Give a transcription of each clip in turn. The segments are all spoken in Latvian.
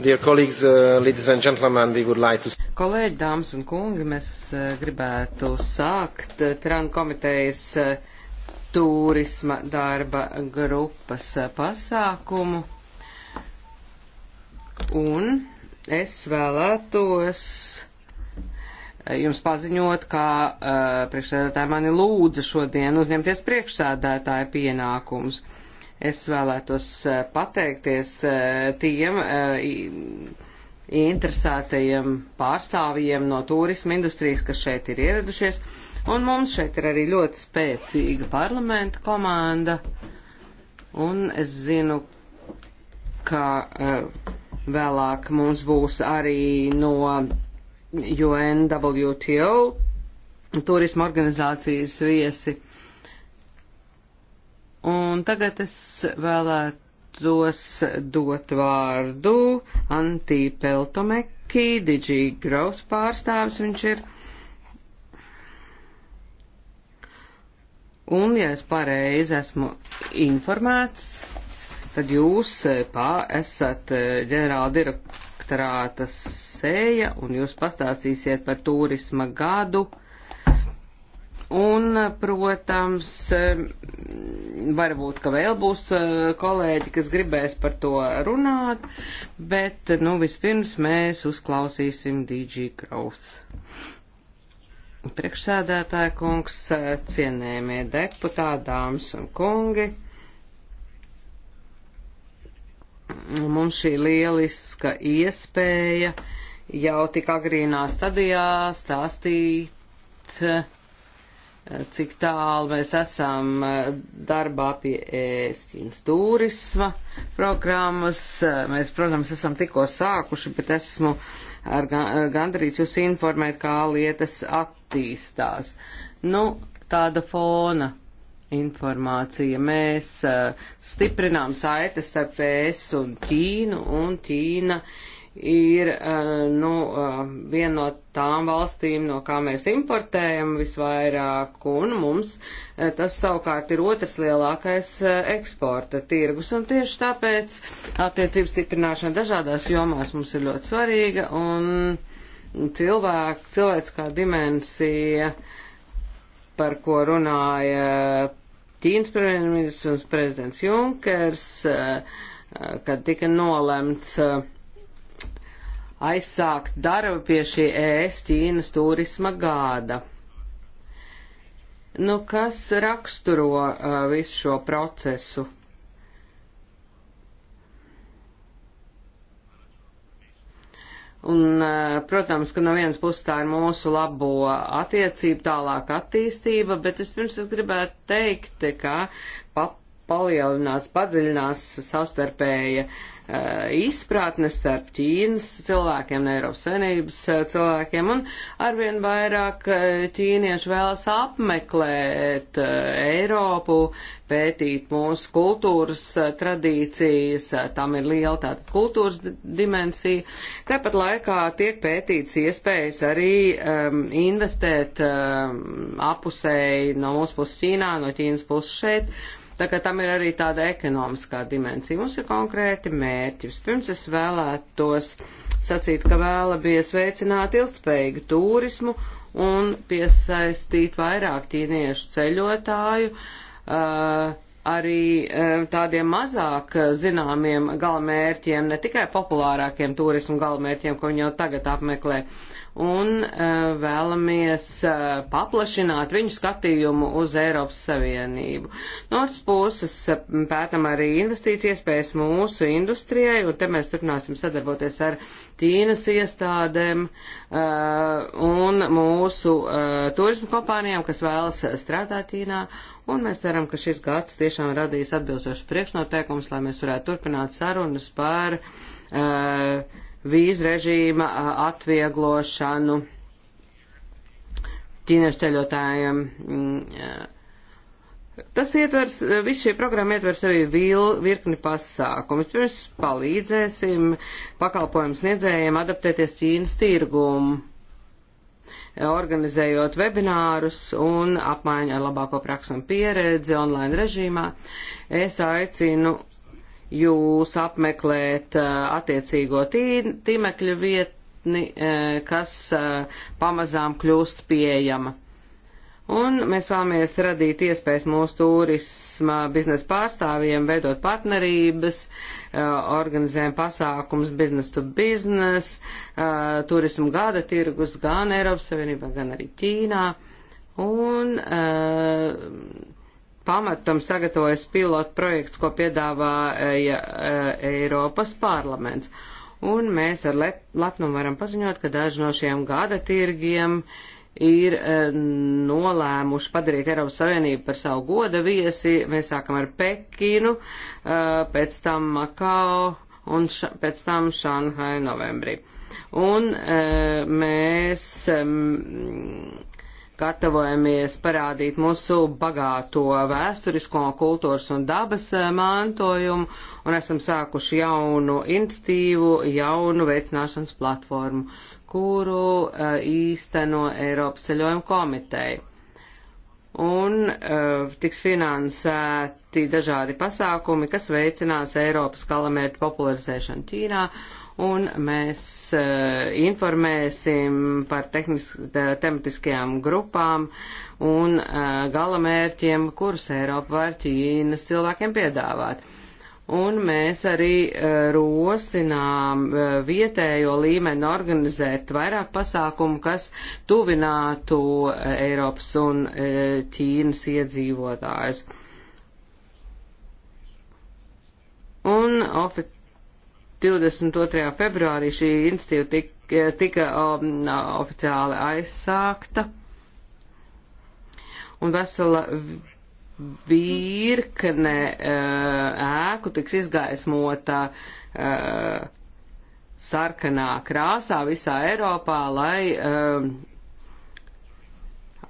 Dear colleagues, uh, ladies and gentlemen, we would like to... Kolēģi, dāmas un kungi, mēs uh, gribētu sākt uh, Tran komitejas uh, turisma darba grupas uh, pasākumu. Un es vēlētos uh, jums paziņot, ka uh, priekšsēdētāji mani lūdza šodien uzņemties priekšsēdētāja pienākumus. Uh, Es vēlētos eh, pateikties eh, tiem eh, interesētajiem pārstāvjiem no turisma industrijas, kas šeit ir ieradušies. Un mums šeit ir arī ļoti spēcīga parlamenta komanda. Un es zinu, ka vēlāk mums būs arī no UNWTO turisma organizācijas viesi Un tagad es vēlētos dot vārdu Antī Peltomekī, Digi Growth pārstāvis viņš ir. Un, ja es pareizi esmu informēts, tad jūs pā, esat eh, ģenerāla direktorāta sēja e un jūs pastāstīsiet par turisma gadu Un, protams, varbūt, ka vēl būs eh, kolēģi, kas gribēs par to runāt, bet, nu, vispirms mēs uzklausīsim DG Growth. Priekšsēdētāja kungs, eh, cienējamie deputāti, dāmas un kungi. Mums šī lieliska iespēja jau tik agrīnā stadijā stāstīt cik tālu mēs esam eh, darbā pie ēstķīnas turisma programmas. Eh, mēs, protams, esam tikko sākuši, bet esmu ar gandrīz jūs informēt, kā lietas attīstās. Nu, tāda fona informācija. Mēs eh, stiprinām saites starp ēs un Ķīnu, un Ķīna ir eh, nu, eh, viena no tām valstīm, no kā mēs importējam visvairāk, un mums eh, tas savukārt ir otrs lielākais eksporta tirgus. Un tieši tāpēc attiecības stiprināšana dažādās jomās mums ir ļoti svarīga, un cilvēku, cilvēciskā dimensija, par ko runāja Ķīnas premjerministrs un prezidents Junkers, kad tika nolemts aizsākt darbu pie šī ES Ķīnas turisma gāda. Nu, kas raksturo uh, visu šo procesu? Un, uh, protams, ka no vienas puses tā ir mūsu labo attiecību tālāk attīstība, bet es pirms es gribētu teikt, ka pa palielinās, padziļinās savstarpēja Eh, izpratne starp Ķīnas cilvēkiem un Eiropas Savienības eh, cilvēkiem, un arvien vairāk eh, ķīnieši vēlas apmeklēt Eiropu, pētīt mūsu kultūras tradīcijas, tam ir liela tāda kultūras dimensija. Tāpat laikā tiek pētīts iespējas arī um, investēt um, apusēji no mūsu puses Ķīnā, no Ķīnas puses šeit Tagad tam ir arī tāda ekonomiskā dimensija. Mums ir konkrēti mērķi. Pirms es vēlētos sacīt, ka vēlamies veicināt ilgspējīgu turismu un piesaistīt vairāk ķīniešu ceļotāju. Uh, arī uh, tādiem mazāk zināmiem galamērķiem, ne tikai populārākiem turismu galamērķiem, ko viņi jau tagad apmeklē. Uh, un uh, vēlamies uh, paplašināt viņu skatījumu uz Eiropas Savienību. No otras puses uh, pētam arī investīcijas iespējas mūsu industrijai, un te mēs turpināsim sadarboties ar Ķīnas iestādēm un mūsu turismu kompānijām, kas vēlas strādāt Ķīnā, un mēs ceram, ka šis gads tiešām radīs atbilstošas priekšnoteikumus, lai mēs varētu turpināt sarunas par uh, vīzu režīma atvieglošanu ķīniešu ceļotājiem. Mm, Tas ietvers, viss šī programma ietver sevi vil, virkni pasākumu. Pirms palīdzēsim pakalpojumu sniedzējiem adaptēties Ķīnas tirgumu, organizējot webinārus un apmaiņu ar labāko praksu un pieredzi online režīmā. Es aicinu jūs apmeklēt eh, attiecīgo tīmekļa vietni, eh, kas eh, pamazām kļūst pieejama. Un mēs vēlamies radīt iespējas mūsu turisma biznesa pārstāvjiem veidot partnerības, organizējam pasākums biznes to biznes, turismu gada tirgus gan Eiropas Savienībā, gan arī Ķīnā. Un uh, pamatam sagatavojas pilotu projekts, ko piedāvāja e, Eiropas parlaments. Un mēs ar lepnumu varam paziņot, ka daži no šiem gada tirgiem ir e, nolēmuši padarīt Eiropas Savienību par savu goda viesi. Mēs sākam ar Pekinu, e, pēc tam Makao un ša, pēc tam Šanhai novembrī. Un mēs gatavojamies parādīt mūsu bagāto vēsturisko, kultūras un dabas eh, mantojumu, un esam sākuši jaunu institīvu, jaunu veicināšanas platformu, kuru uh, īsteno Eiropas ceļojuma komiteja. Un uh, tiks finansēti dažādi pasākumi, kas veicinās Eiropas kalamērķu popularizēšanu Ķīnā un mēs eh, informēsim par tematiskajām grupām un eh, galamērķiem, kurus Eiropa var Ķīnas cilvēkiem piedāvāt. Un mēs arī eh, rosinām vietējo līmeni organizēt vairāk pasākumu, kas tuvinātu Eiropas un Ķīnas iedzīvotājus. Un ofici 22. februārī šī institīva tika, tika um, oficiāli aizsākta, un vesela virkne uh, ēku tiks izgaismota uh, sarkanā krāsā visā Eiropā, lai uh,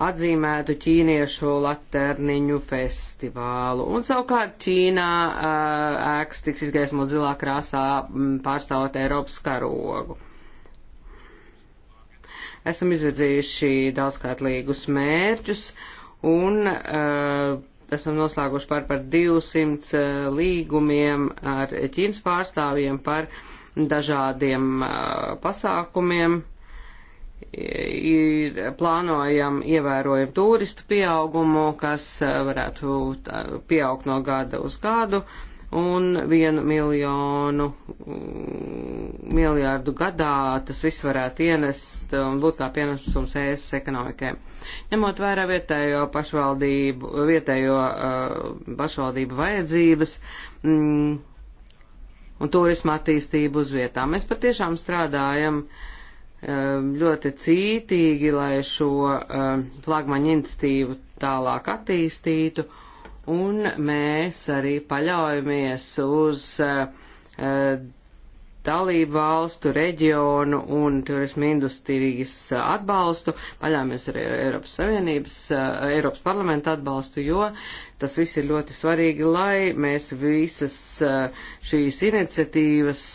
atzīmētu ķīniešu laterniņu festivālu. Un savukārt Ķīnā ēks tiks izgaismot zilā krāsā pārstāvot Eiropas karogu. Esam izvirzījuši daudzkārtlīgus mērķus un uh, esam noslēguši par, par 200 uh, līgumiem ar Ķīnas pārstāvjiem par dažādiem uh, pasākumiem. Uh, ir plānojam ievērojam turistu pieaugumu, kas eh, varētu eh, pieaugt no gada uz gadu un vienu miljonu mm, miljārdu gadā tas viss varētu ienest un būt kā pienesums ES ekonomikai. Ņemot vērā vietējo pašvaldību, vietējo uh, pašvaldību vajadzības mm, un turisma attīstību uz vietām, mēs patiešām strādājam uh, ļoti cītīgi, lai šo flagmaņu institīvu tālāk attīstītu, un mēs arī paļaujamies uz dalību valstu, reģionu un turismu industrijas atbalstu, paļāmies arī Eiropas Savienības, Eiropas parlamenta atbalstu, jo tas viss ir ļoti svarīgi, lai mēs visas šīs iniciatīvas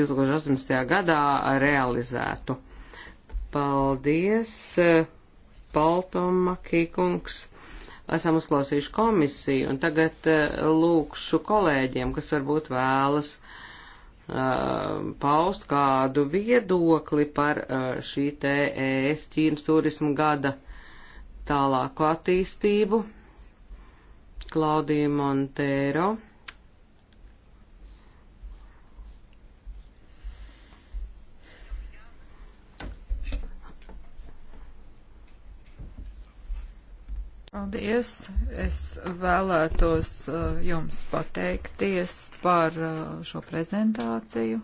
2018. gadā realizētu. Paldies, Paltoma Kīkungs. Esam uzklausījuši komisiju, un tagad eh, lūkšu kolēģiem, kas varbūt vēlas uh, paust kādu viedokli par uh, šī te ES Ķīnas turismu gada tālāku attīstību. Klaudija Montero. Paldies! Es vēlētos uh, jums pateikties par uh, šo prezentāciju.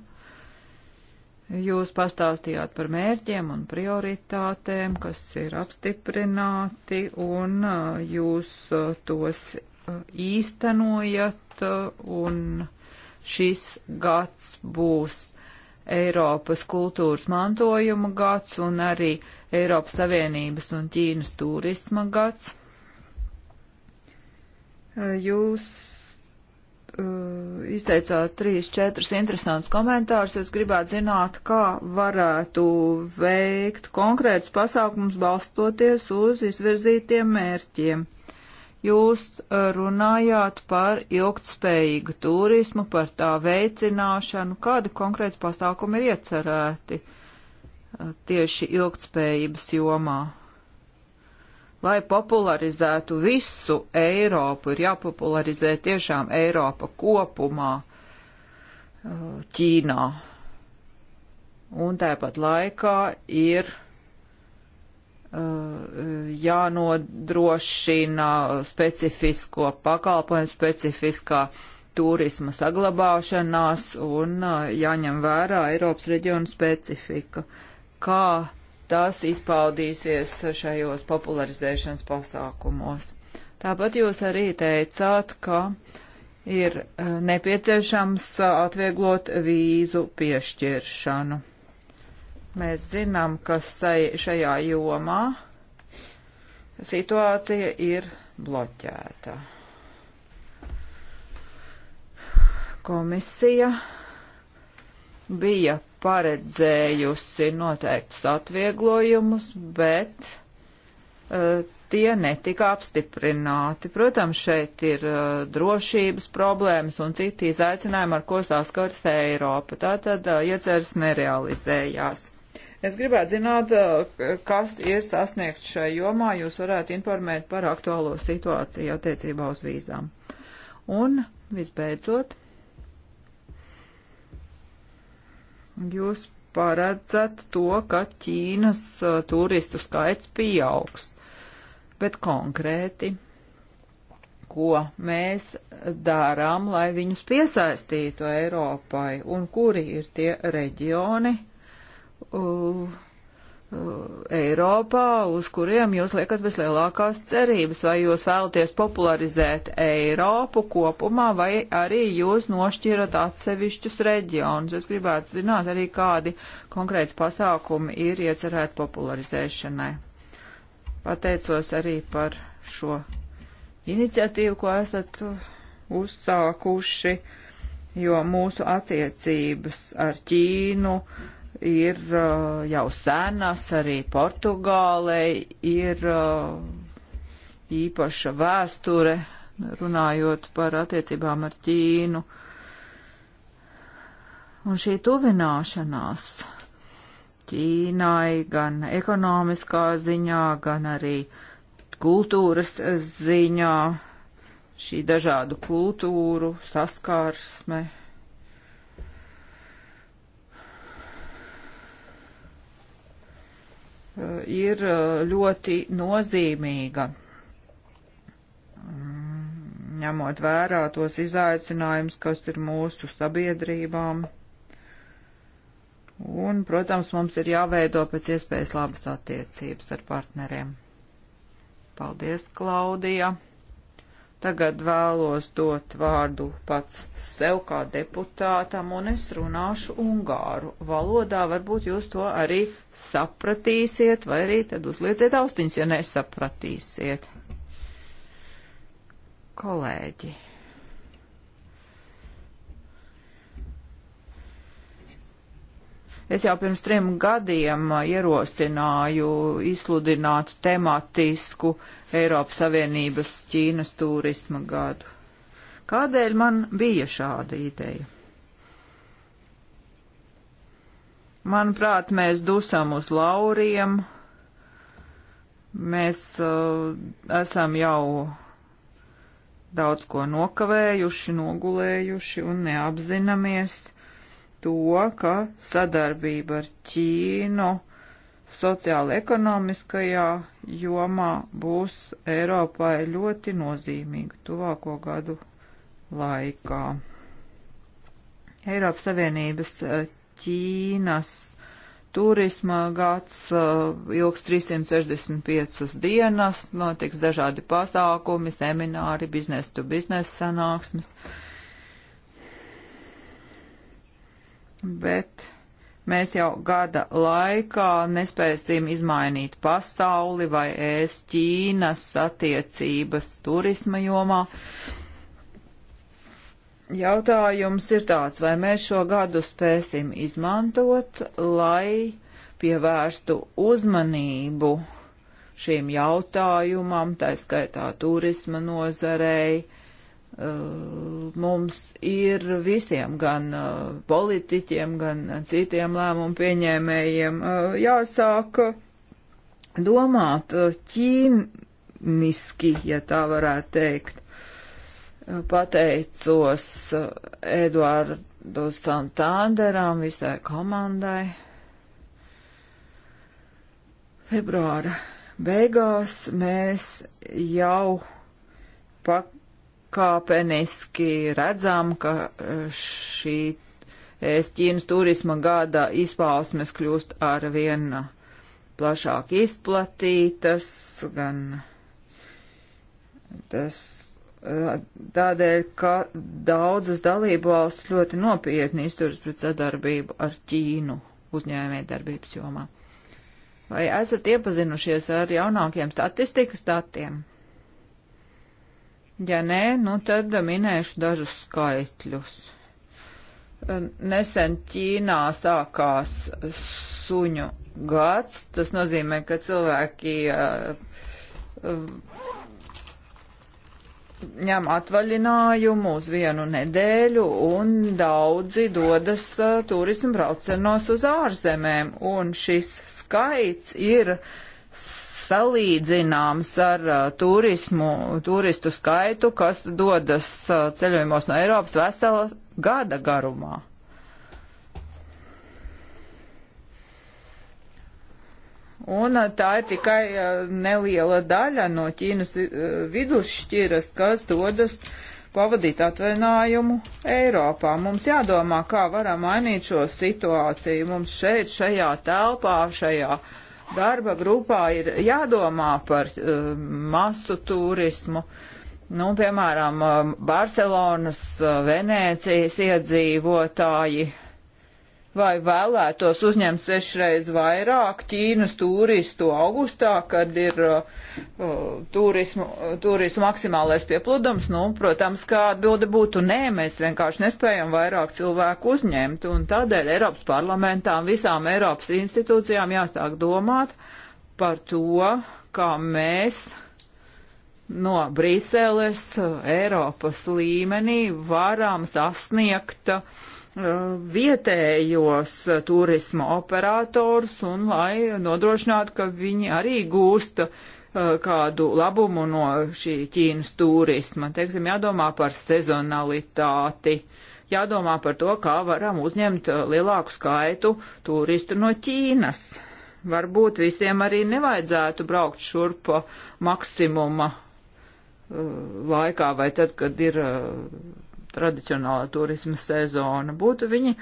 Jūs pastāstījāt par mērķiem un prioritātēm, kas ir apstiprināti, un uh, jūs tos īstenojat, un šis gads būs Eiropas kultūras mantojuma gads un arī Eiropas Savienības un Ķīnas turisma gads. Jūs uh, izteicāt trīs, četrus interesantus komentārus. Es gribētu zināt, kā varētu veikt konkrētus pasākumus balstoties uz izvirzītiem mērķiem. Jūs uh, runājāt par ilgtspējīgu turismu, par tā veicināšanu. Kādi konkrēti pasākumi ir iecerēti uh, tieši ilgtspējības jomā? lai popularizētu visu Eiropu, ir jāpopularizē tiešām Eiropa kopumā uh, Ķīnā. Un tāpat laikā ir uh, jānodrošina specifisko pakalpojumu, specifiskā turisma saglabāšanās un uh, jāņem vērā Eiropas reģiona specifika. Kā tas izpaudīsies šajos popularizēšanas pasākumos. Tāpat jūs arī teicāt, ka ir eh, nepieciešams eh, atvieglot vīzu piešķiršanu. Mēs zinām, ka šajā jomā situācija ir bloķēta. Komisija bija paredzējusi noteiktus atvieglojumus, bet uh, tie netika apstiprināti. Protams, šeit ir uh, drošības problēmas un citi izaicinājumi, ar ko saskars Eiropa. Tātad uh, eh, ieceras nerealizējās. Es gribētu zināt, kas ir sasniegts šajā jomā. Jūs varētu informēt par aktuālo situāciju attiecībā uz vīzām. Un visbeidzot. Jūs paredzat to, ka Ķīnas uh, turistu skaits pieaugs, bet konkrēti, ko mēs darām, lai viņus piesaistītu Eiropai un kuri ir tie reģioni, uh, Uh, Eiropā, uz kuriem jūs liekat vislielākās cerības, vai jūs vēlaties popularizēt Eiropu kopumā, vai arī jūs nošķirat atsevišķus reģionus. Es gribētu zināt arī, kādi konkrēti pasākumi ir iecerēti popularizēšanai. Pateicos arī par šo iniciatīvu, ko esat uzsākuši, jo mūsu attiecības ar Ķīnu, uh, ir uh, jau senas, arī Portugālei ir uh, īpaša vēsture, runājot par attiecībām ar Ķīnu. Un šī tuvināšanās Ķīnai gan ekonomiskā ziņā, gan arī kultūras ziņā, šī dažādu kultūru saskarsme ir uh, ļoti nozīmīga, mm, ņemot vērā tos izaicinājumus, kas ir mūsu sabiedrībām. Un, protams, mums ir jāveido pēc iespējas labas attiecības ar partneriem. Paldies, Klaudija! Tagad vēlos dot vārdu pats sev kā deputātam, un es runāšu ungāru valodā. Varbūt jūs to arī sapratīsiet, vai arī tad uzlieciet austiņas, ja nesapratīsiet. Kolēģi. Es jau pirms trim gadiem uh, ierosināju izsludināt tematisku Eiropas Savienības Ķīnas turisma gadu. Kādēļ man bija šāda ideja? Manuprāt, mēs dusam uz lauriem, mēs uh, esam jau daudz ko nokavējuši, nogulējuši un neapzināmies, to, ka sadarbība ar Ķīnu sociāla-ekonomiskajā jomā būs Eiropai ļoti nozīmīga tuvāko gadu laikā. Eiropas Savienības eh, Ķīnas turisma gads eh, ilgs 365 dienas, notiks dažādi pasākumi, semināri, biznes to biznes sanāksmes. Uh, bet mēs jau gada laikā nespēsim izmainīt pasauli vai ēst Ķīnas attiecības turisma jomā. Jautājums ir tāds, vai mēs šo gadu spēsim izmantot, lai pievērstu uzmanību šīm jautājumam, tā skaitā turisma nozarei, uh, Eh, mums ir visiem, gan eh, politiķiem, gan citiem lēmumu pieņēmējiem, eh, jāsāk domāt ķīniski, ja tā varētu teikt. Pateicos Eduardo Santanderam, visai komandai. Februāra beigās mēs jau pak pakāpeniski redzam, ka e, šī e, Ķīnas turisma gada izpausmes kļūst ar vien plašāk izplatītas, gan tas e, tādēļ, ka daudzas dalību valsts ļoti nopietni izturas pret sadarbību ar Ķīnu uzņēmē darbības jomā. Vai esat iepazinušies ar jaunākiem statistikas datiem? Ja nē, nu tad minēšu dažus skaitļus. Nesen Ķīnā sākās suņu gads. Tas nozīmē, ka cilvēki uh, ņem atvaļinājumu uz vienu nedēļu un daudzi dodas uh, turismu braucenos uz ārzemēm. Un šis skaits ir uh, salīdzināms ar uh, turismu, turistu skaitu, kas dodas uh, ceļojumos no Eiropas vesela gada garumā. Un uh, tā ir tikai uh, neliela daļa no Ķīnas uh, vidusšķiras, kas dodas pavadīt atvainājumu Eiropā. Mums jādomā, kā varam mainīt šo situāciju. Mums šeit, šajā telpā, šajā uh, darba grupā ir jādomā par uh, masu turismu. Nu, piemēram, um, Barcelonas, uh, Venēcijas iedzīvotāji vai vēlētos uzņemt sešreiz vairāk Ķīnas turistu augustā, kad ir uh, uh turismu, uh, turistu maksimālais pieplūdums. Nu, protams, kā atbilde būtu nē, mēs vienkārši nespējam vairāk cilvēku uzņemt, un tādēļ Eiropas parlamentām, visām Eiropas institūcijām jāsāk domāt par to, kā mēs no Briseles uh, Eiropas līmenī varam sasniegt uh, Uh, vietējos turisma operators un lai nodrošinātu, ka viņi arī gūsta uh, kādu labumu no šī Ķīnas turisma. Teiksim, jādomā par sezonalitāti, jādomā par to, kā varam uzņemt uh, lielāku skaitu turistu no Ķīnas. Varbūt visiem arī nevajadzētu braukt šurpa maksimuma laikā vai tad, kad ir tradicionālā turisma sezona. Būtu viņi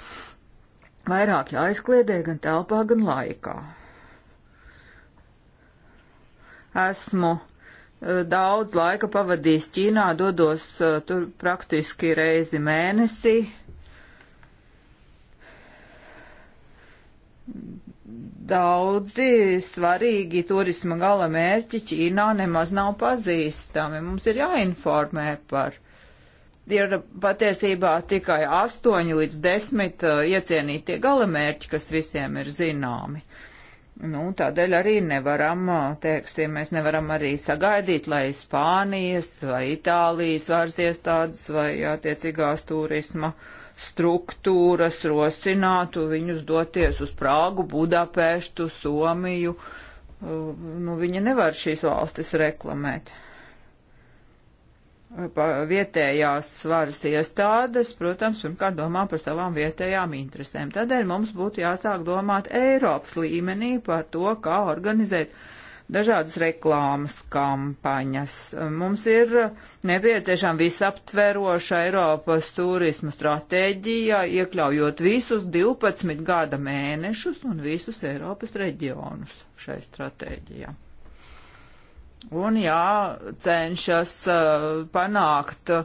vairāk jāizkliedē gan telpā, gan laikā. Esmu eh, daudz laika pavadījis Ķīnā, dodos eh, tur praktiski reizi mēnesī. Daudzi svarīgi turisma gala mērķi Ķīnā nemaz nav pazīstami. Mums ir jāinformē par viņu ir patiesībā tikai 8 līdz 10 uh, iecienītie galamērķi, kas visiem ir zināmi. Nu, tādēļ arī nevaram, uh, teiksim, mēs nevaram arī sagaidīt, lai Spānijas vai Itālijas varas iestādes vai attiecīgās turisma struktūras rosinātu viņus doties uz Prāgu, Budapeštu, Somiju. Uh, nu, viņi nevar šīs valstis reklamēt vietējās varas iestādes, protams, pirmkārt domā par savām vietējām interesēm. Tādēļ mums būtu jāsāk domāt Eiropas līmenī par to, kā organizēt dažādas reklāmas kampaņas. Mums ir nepieciešama visaptveroša Eiropas turisma stratēģija, iekļaujot visus 12 gada mēnešus un visus Eiropas reģionus šai stratēģijai un jācenšas uh, panākt uh,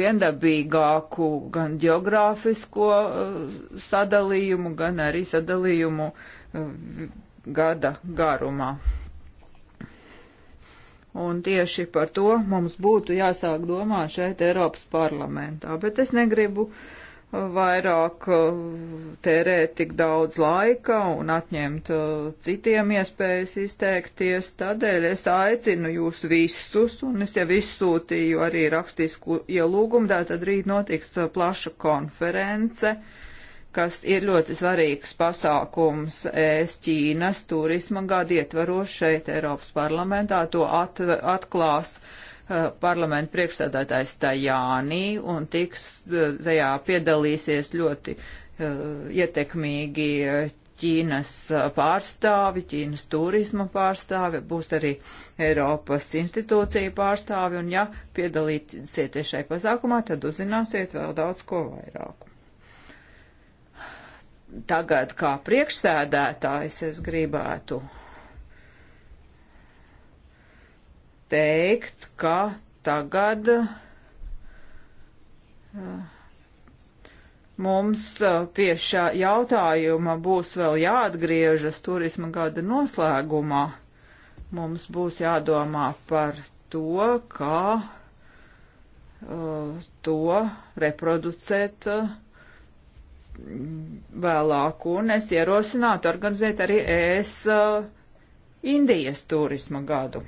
viendabīgāku gan geogrāfisko uh, sadalījumu, gan arī sadalījumu uh, gada garumā. Un tieši par to mums būtu jāsāk domāt šeit Eiropas parlamentā, bet es negribu uh, vairāk uh, tērēt tik daudz laika un atņemt uh, citiem iespējas izteikties. Tādēļ es aicinu jūs visus, un es jau izsūtīju arī rakstisku ielūgumu, tātad rīt notiks uh, plaša konference, kas ir ļoti svarīgs pasākums ES Ķīnas turisma gadu ietvaros šeit Eiropas parlamentā. To at, atklās uh, Eh, parlamenta priekšsēdētājs Tajānī un tiks, eh, tajā piedalīsies ļoti eh, ietekmīgi Ķīnas pārstāvi, Ķīnas turisma pārstāvi, būs arī Eiropas institūcija pārstāvi, un ja piedalīsieties šai pasākumā, tad uzzināsiet vēl daudz ko vairāk. Tagad kā priekšsēdētājs es gribētu teikt, ka tagad eh, mums eh, pie šā jautājuma būs vēl jāatgriežas turisma gada noslēgumā. Mums būs jādomā par to, kā uh, to reproducēt uh, vēlāk, un es ierosinātu organizēt arī ES uh, Indijas turisma gadu.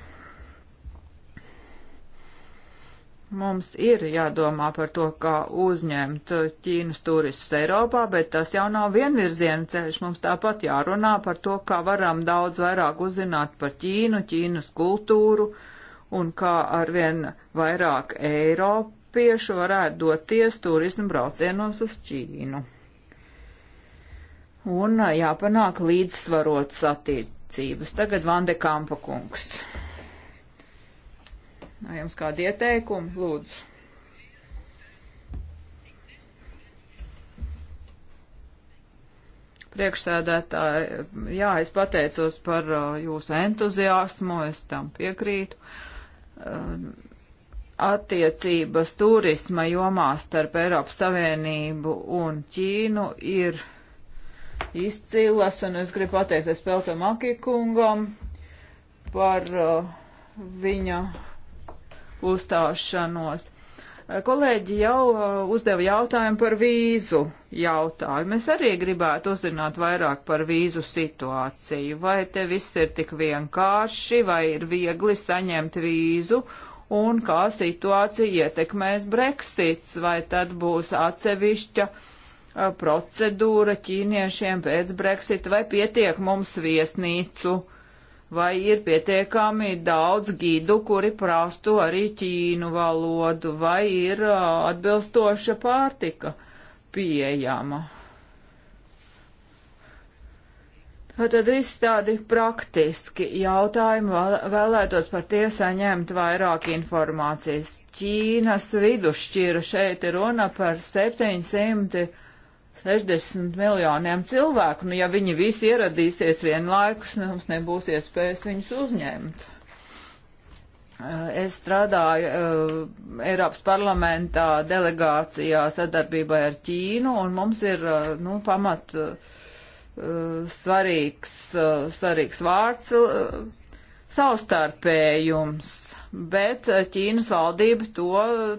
Mums ir jādomā par to, kā uzņemt Ķīnas turistus Eiropā, bet tas jau nav vienvirziena ceļš. Mums tāpat jārunā par to, kā varam daudz vairāk uzzināt par Ķīnu, Ķīnas kultūru un kā arvien vairāk Eiropiešu varētu doties turismu braucienos uz Ķīnu. Un jāpanāk līdzsvarot satīcības. Tagad Vande Kampa kungs. Vai jums kādi ieteikumi, lūdzu? Priekšsēdētāji, jā, es pateicos par uh, jūsu entuziasmu, es tam piekrītu. Uh, attiecības turisma jomā starp Eiropas Savienību un Ķīnu ir izcīlas, un es gribu pateikties Peltam Akikungam par uh, viņa uzstāšanos. Eh, kolēģi jau eh, uzdeva jautājumu par vīzu jautājumu. Es arī gribētu uzzināt vairāk par vīzu situāciju. Vai te viss ir tik vienkārši, vai ir viegli saņemt vīzu, un kā situācija ietekmēs Brexits, vai tad būs atsevišķa eh, procedūra ķīniešiem pēc Brexit, vai pietiek mums viesnīcu uh, vai ir pietiekami daudz gidu, kuri prastu arī ķīnu valodu, vai ir atbilstoša pārtika pieejama. Tad viss tādi praktiski jautājumi vēlētos par tie saņemt vairāk informācijas. Ķīnas vidusšķira šeit ir runa par 700 60 miljoniem cilvēku. Nu, ja viņi visi ieradīsies vienlaikus, nu, mums nebūs iespējas viņus uzņemt. Es strādāju uh, Eiropas parlamentā delegācijā sadarbībā ar Ķīnu, un mums ir uh, nu, pamat uh, svarīgs, svarīgs vārds savstarpējums, bet Ķīnas valdība to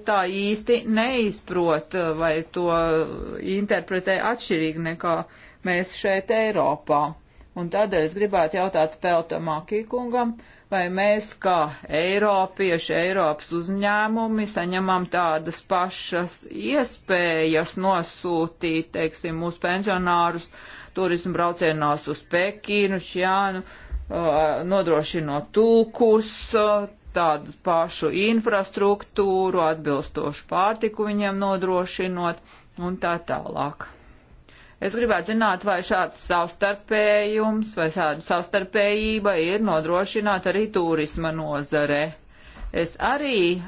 tā īsti neizprot vai to interpretē atšķirīgi nekā mēs šeit Eiropā. Un tādēļ es gribētu jautāt Peltamākī kungam, vai mēs kā Eiropieši, Eiropas uzņēmumi saņemam tādas pašas iespējas nosūtīt, teiksim, mūsu pensionārus turismu braucienās uz Pekīnu, Šjānu, nodrošinot tulkus, tādu pašu infrastruktūru, atbilstošu pārtiku viņiem nodrošinot un tā tālāk. Es gribētu zināt, vai šāds savstarpējums vai šāda savstarpējība ir nodrošināta arī turisma nozare. Es arī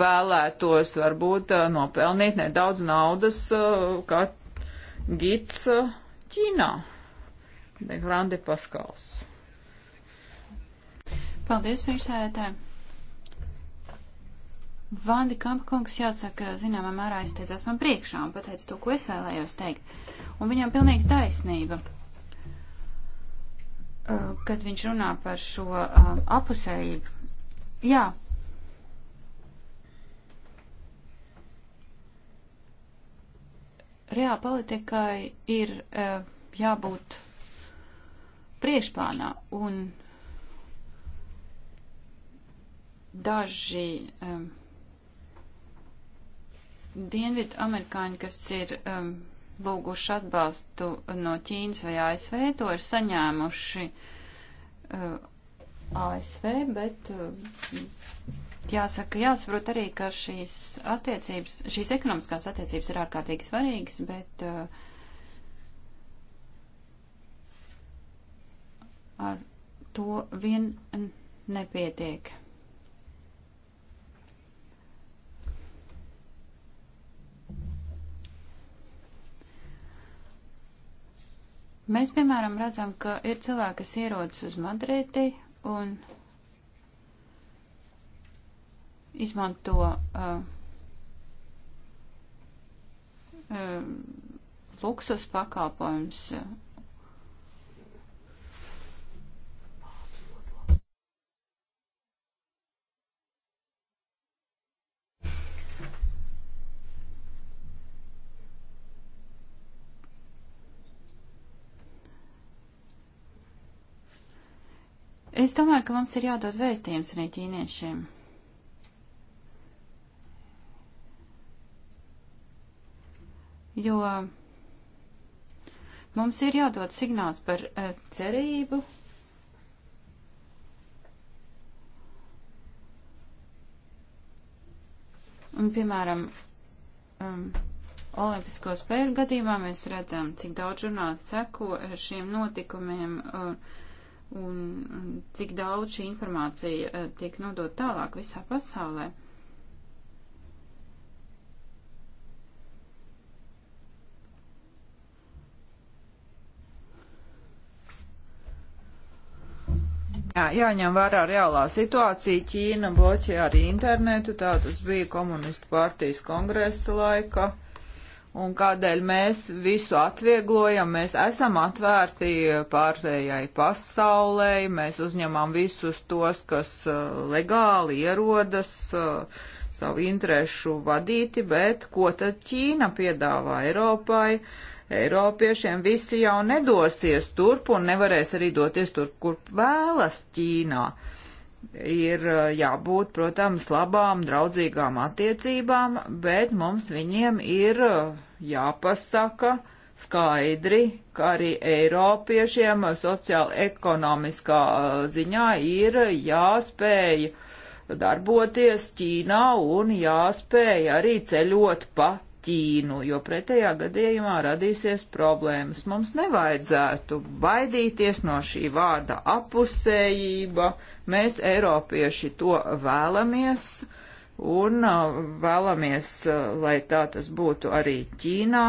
vēlētos varbūt nopelnīt nedaudz naudas kā gids Ķīnā. De Grande Paskals. Paldies, priekšsēdētāji. Vandi Kampkungs, jāsaka, zināmā mērā aizteicās man priekšā un pateica to, ko es vēlējos teikt. Un viņam pilnīgi taisnība, uh, kad viņš runā par šo uh, apusējību. Jā, reāli politikai ir uh, jābūt priekšplānā, un daži um, dienvidu amerikāņi, kas ir um, lūguši atbalstu no Ķīnas vai ASV, to ir saņēmuši uh, ASV, bet uh, jāsaka, jāsaprot arī, ka šīs attiecības, šīs ekonomiskās attiecības ir ārkārtīgi svarīgas, bet uh, ar to vien nepietiek. Mēs, piemēram, redzam, ka ir cilvēki, kas ierodas uz Madrīti un izmanto uh, uh, luksus pakalpojums. Uh, Es domāju, ka mums ir jādod vēstījums arī ķīniešiem. Jo mums ir jādod signāls par uh, cerību. Un, piemēram, um, Olimpisko spēļu gadījumā mēs redzam, cik daudz žurnālisti seko eh, šiem notikumiem. Uh, un, un cik daudz šī informācija eh, tiek nodot tālāk visā pasaulē. Jā, jāņem vērā reālā situācija. Ķīna bloķē arī internetu, tā tas bija komunistu partijas kongresa laika. Uh, un kādēļ mēs visu atvieglojam. Mēs esam atvērti pārējai pasaulē, mēs uzņemam visus tos, kas uh, legāli ierodas uh, savu interesu vadīti, bet ko tad Ķīna piedāvā Eiropai? Eiropiešiem visi jau nedosies turp un nevarēs arī doties turp, kur vēlas Ķīnā. Uh, ir jābūt, protams, labām, draudzīgām attiecībām, bet mums viņiem ir jāpasaka skaidri, ka arī Eiropiešiem sociāli-ekonomiskā ziņā ir jāspēj darboties Ķīnā un jāspēj arī ceļot pa Ķīnu, jo pretējā gadījumā radīsies problēmas. Mums nevajadzētu baidīties no šī vārda apusējība. Mēs, Eiropieši, to vēlamies un uh, vēlamies, uh, lai tā tas būtu arī Ķīnā,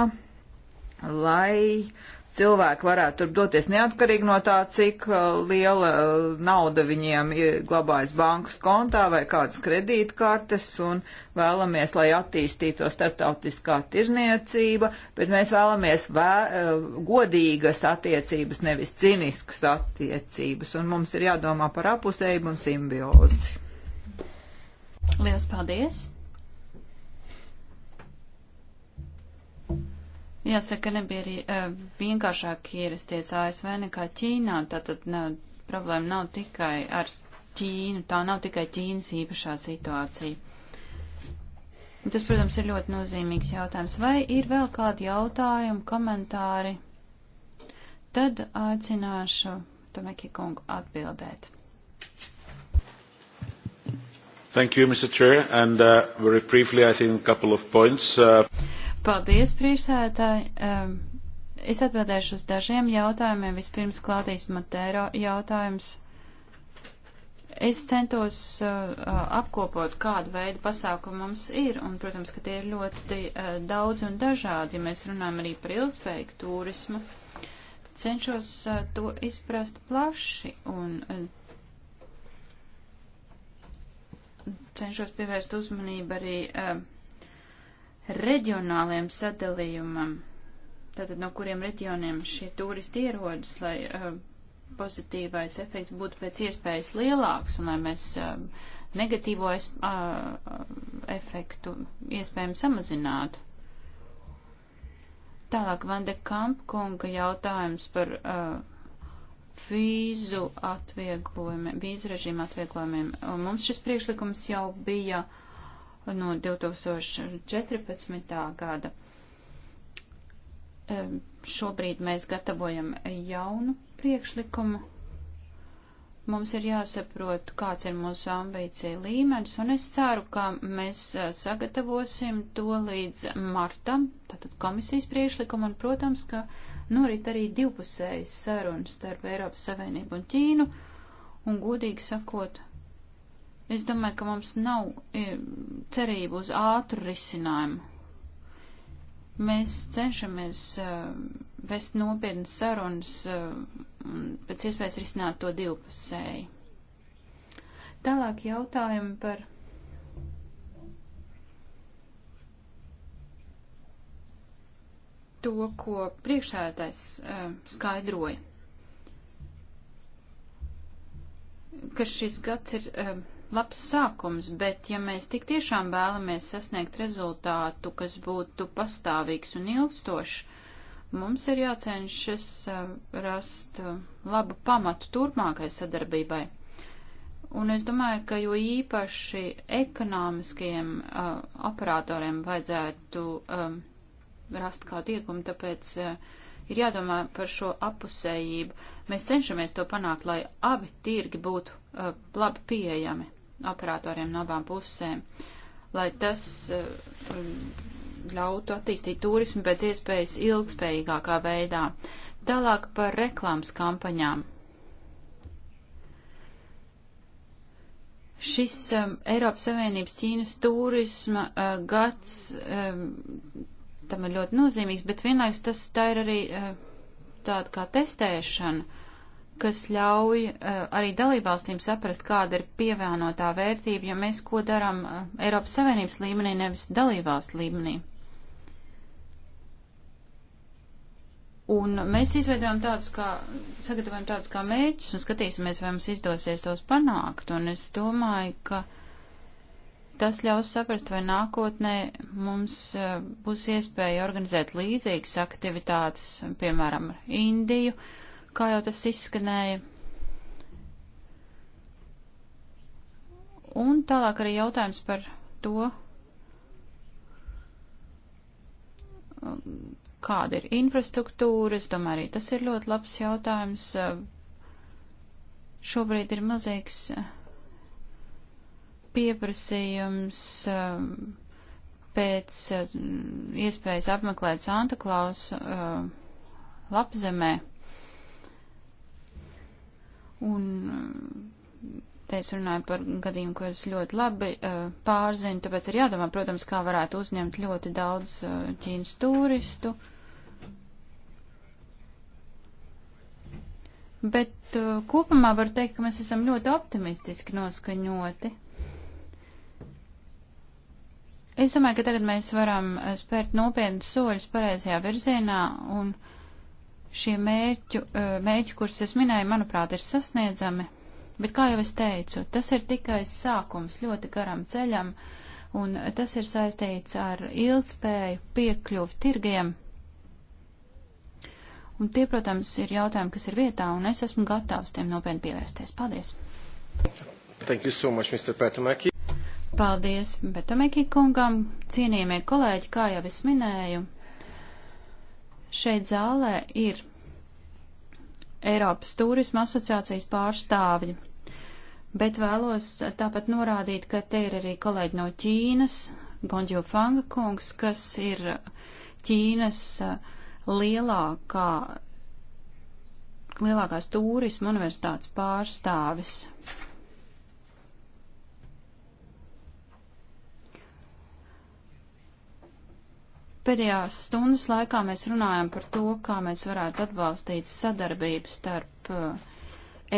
lai cilvēki varētu tur doties neatkarīgi no tā, cik uh, liela uh, nauda viņiem glabājas bankas kontā vai kādas kredītkartes, un vēlamies, lai attīstīto starptautiskā tirzniecība, bet mēs vēlamies vē, uh, godīgas attiecības, nevis ciniskas attiecības, un mums ir jādomā par apusējumu un simbiozi. Lielas paldies! Jāsaka, nebija arī e, vienkāršāk ierasties ASV nekā Ķīnā, tātad nav, problēma nav tikai ar Ķīnu, tā nav tikai Ķīnas īpašā situācija. Tas, protams, ir ļoti nozīmīgs jautājums. Vai ir vēl kādi jautājumi, komentāri? Tad aicināšu Tomeki kungu atbildēt. Thank you, Mr. Chair, and uh, very briefly, I think a couple of points. Uh... Paldies, priekšsēdētāji. Es atbildēšu uz dažiem jautājumiem. Vispirms Klaudijas Matēro jautājums. Es centos uh, apkopot, kādu veidu pasākumu mums ir, un, protams, ka tie ir ļoti uh, daudz un dažādi, ja mēs runājam arī par ilgspējīgu turismu. Cenšos uh, to izprast plaši un uh, cenšos pievērst uzmanību arī uh, reģionāliem sadalījumam, tātad no kuriem reģioniem šie turisti ierodas, lai uh, pozitīvais efekts būtu pēc iespējas lielāks un lai mēs uh, negatīvo es, uh, efektu iespējami samazinātu. Tālāk Vande Kampkunga jautājums par uh, vīzu atvieglojumiem, vīzu režīmu atvieglojumiem. Un mums šis priekšlikums jau bija uh, no 2014. gada. Šobrīd mēs gatavojam jaunu priekšlikumu. Mums ir jāsaprot, kāds ir mūsu ambīcija līmenis, un es ceru, ka mēs eh, sagatavosim to līdz martam, tātad komisijas priekšlikumu, un, protams, ka norit arī divpusējas sarunas starp Eiropas Savienību un Ķīnu, un, godīgi sakot, Es domāju, ka mums nav e, cerību uz ātru risinājumu. Mēs cenšamies uh, vest nopietnas sarunas uh, un pēc iespējas risināt to divpusēji. Tālāk jautājumi par. To, ko priekšsēdētājs uh, skaidroja, ka šis gads ir uh, labs sākums, bet ja mēs tik tiešām vēlamies sasniegt rezultātu, kas būtu pastāvīgs un ilgstošs, mums ir jācenšas eh, rast eh, labu pamatu turpmākai sadarbībai. Un es domāju, ka jo īpaši ekonomiskajiem uh, operatoriem vajadzētu um, rast kādu iegumu, tāpēc uh, ir jādomā par šo apusējību. Mēs cenšamies to panākt, lai abi tirgi būtu uh, labi pieejami operatoriem no abām pusēm, lai tas eh, ļautu attīstīt turismu pēc iespējas ilgspējīgākā veidā. Tālāk par reklāmas kampaņām. Šis um, Eiropas Savienības Ķīnas turisma uh, gads um, tam ir ļoti nozīmīgs, bet vienlaiks tas tā ir arī uh, tāda kā testēšana kas ļauj uh, arī dalībvalstīm saprast, kāda ir pievienotā vērtība, ja mēs ko darām uh, Eiropas Savienības līmenī, nevis dalībvalstu līmenī. Un mēs izveidojam tādus kā, sagatavojam tādus kā mērķus un skatīsimies, vai mums izdosies tos panākt. Un es domāju, ka tas ļaus saprast, vai nākotnē mums uh, būs iespēja organizēt līdzīgas aktivitātes, piemēram, Indiju. Uh, kā jau tas izskanēja. Un tālāk arī jautājums par to, kāda ir infrastruktūra. Es domāju, arī tas ir ļoti labs jautājums. Šobrīd ir mazīgs pieprasījums um, pēc uh, iespējas apmeklēt Santa Klausu uh, labzemē. Un eh, te es runāju par gadījumu, ko es ļoti labi eh, pārzinu, tāpēc ir jādomā, protams, kā varētu uzņemt ļoti daudz eh, ķīnas turistu. Bet kopumā var teikt, ka mēs esam ļoti optimistiski noskaņoti. Es domāju, ka tagad mēs varam spērt nopietnus soļus pareizajā virzienā un uh, Šie mērķu, e, mērķi, kurus es minēju, manuprāt, ir sasniedzami, bet, kā jau es teicu, tas ir tikai sākums ļoti garam ceļam, un tas ir saistīts ar ilgspēju piekļuvu tirgiem. Un tie, protams, ir jautājumi, kas ir vietā, un es esmu gatavs tiem nopietni pievērsties. Paldies! Thank you so much, Mr. Petumaki. Paldies Betameki kungam, cienījamie kolēģi, kā jau es minēju. Šeit zālē ir Eiropas turisma asociācijas pārstāvji, bet vēlos tāpat norādīt, ka te ir arī kolēģi no Ķīnas, Gonģio Fanga kungs, kas ir Ķīnas uh, lielākā, lielākās turisma universitātes pārstāvis. Pēdējās stundas laikā mēs runājam par to, kā mēs varētu atbalstīt sadarbību starp uh,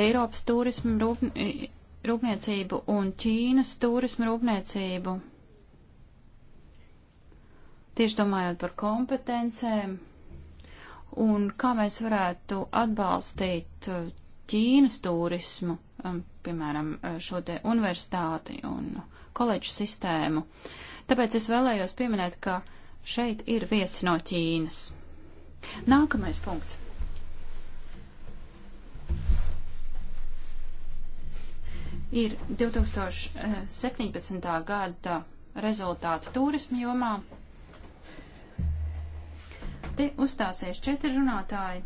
Eiropas turismu rūpni rūpniecību un Ķīnas turismu rūpniecību. Tieši domājot par kompetencēm un kā mēs varētu atbalstīt uh, Ķīnas turismu, um, piemēram, uh, šo te universitāti un koledžu sistēmu. Tāpēc es vēlējos pieminēt, ka uh, Šeit ir viesi no Ķīnas. Nākamais punkts. Ir 2017. Eh, gada rezultāti turismu jomā. Te uzstāsies četri runātāji.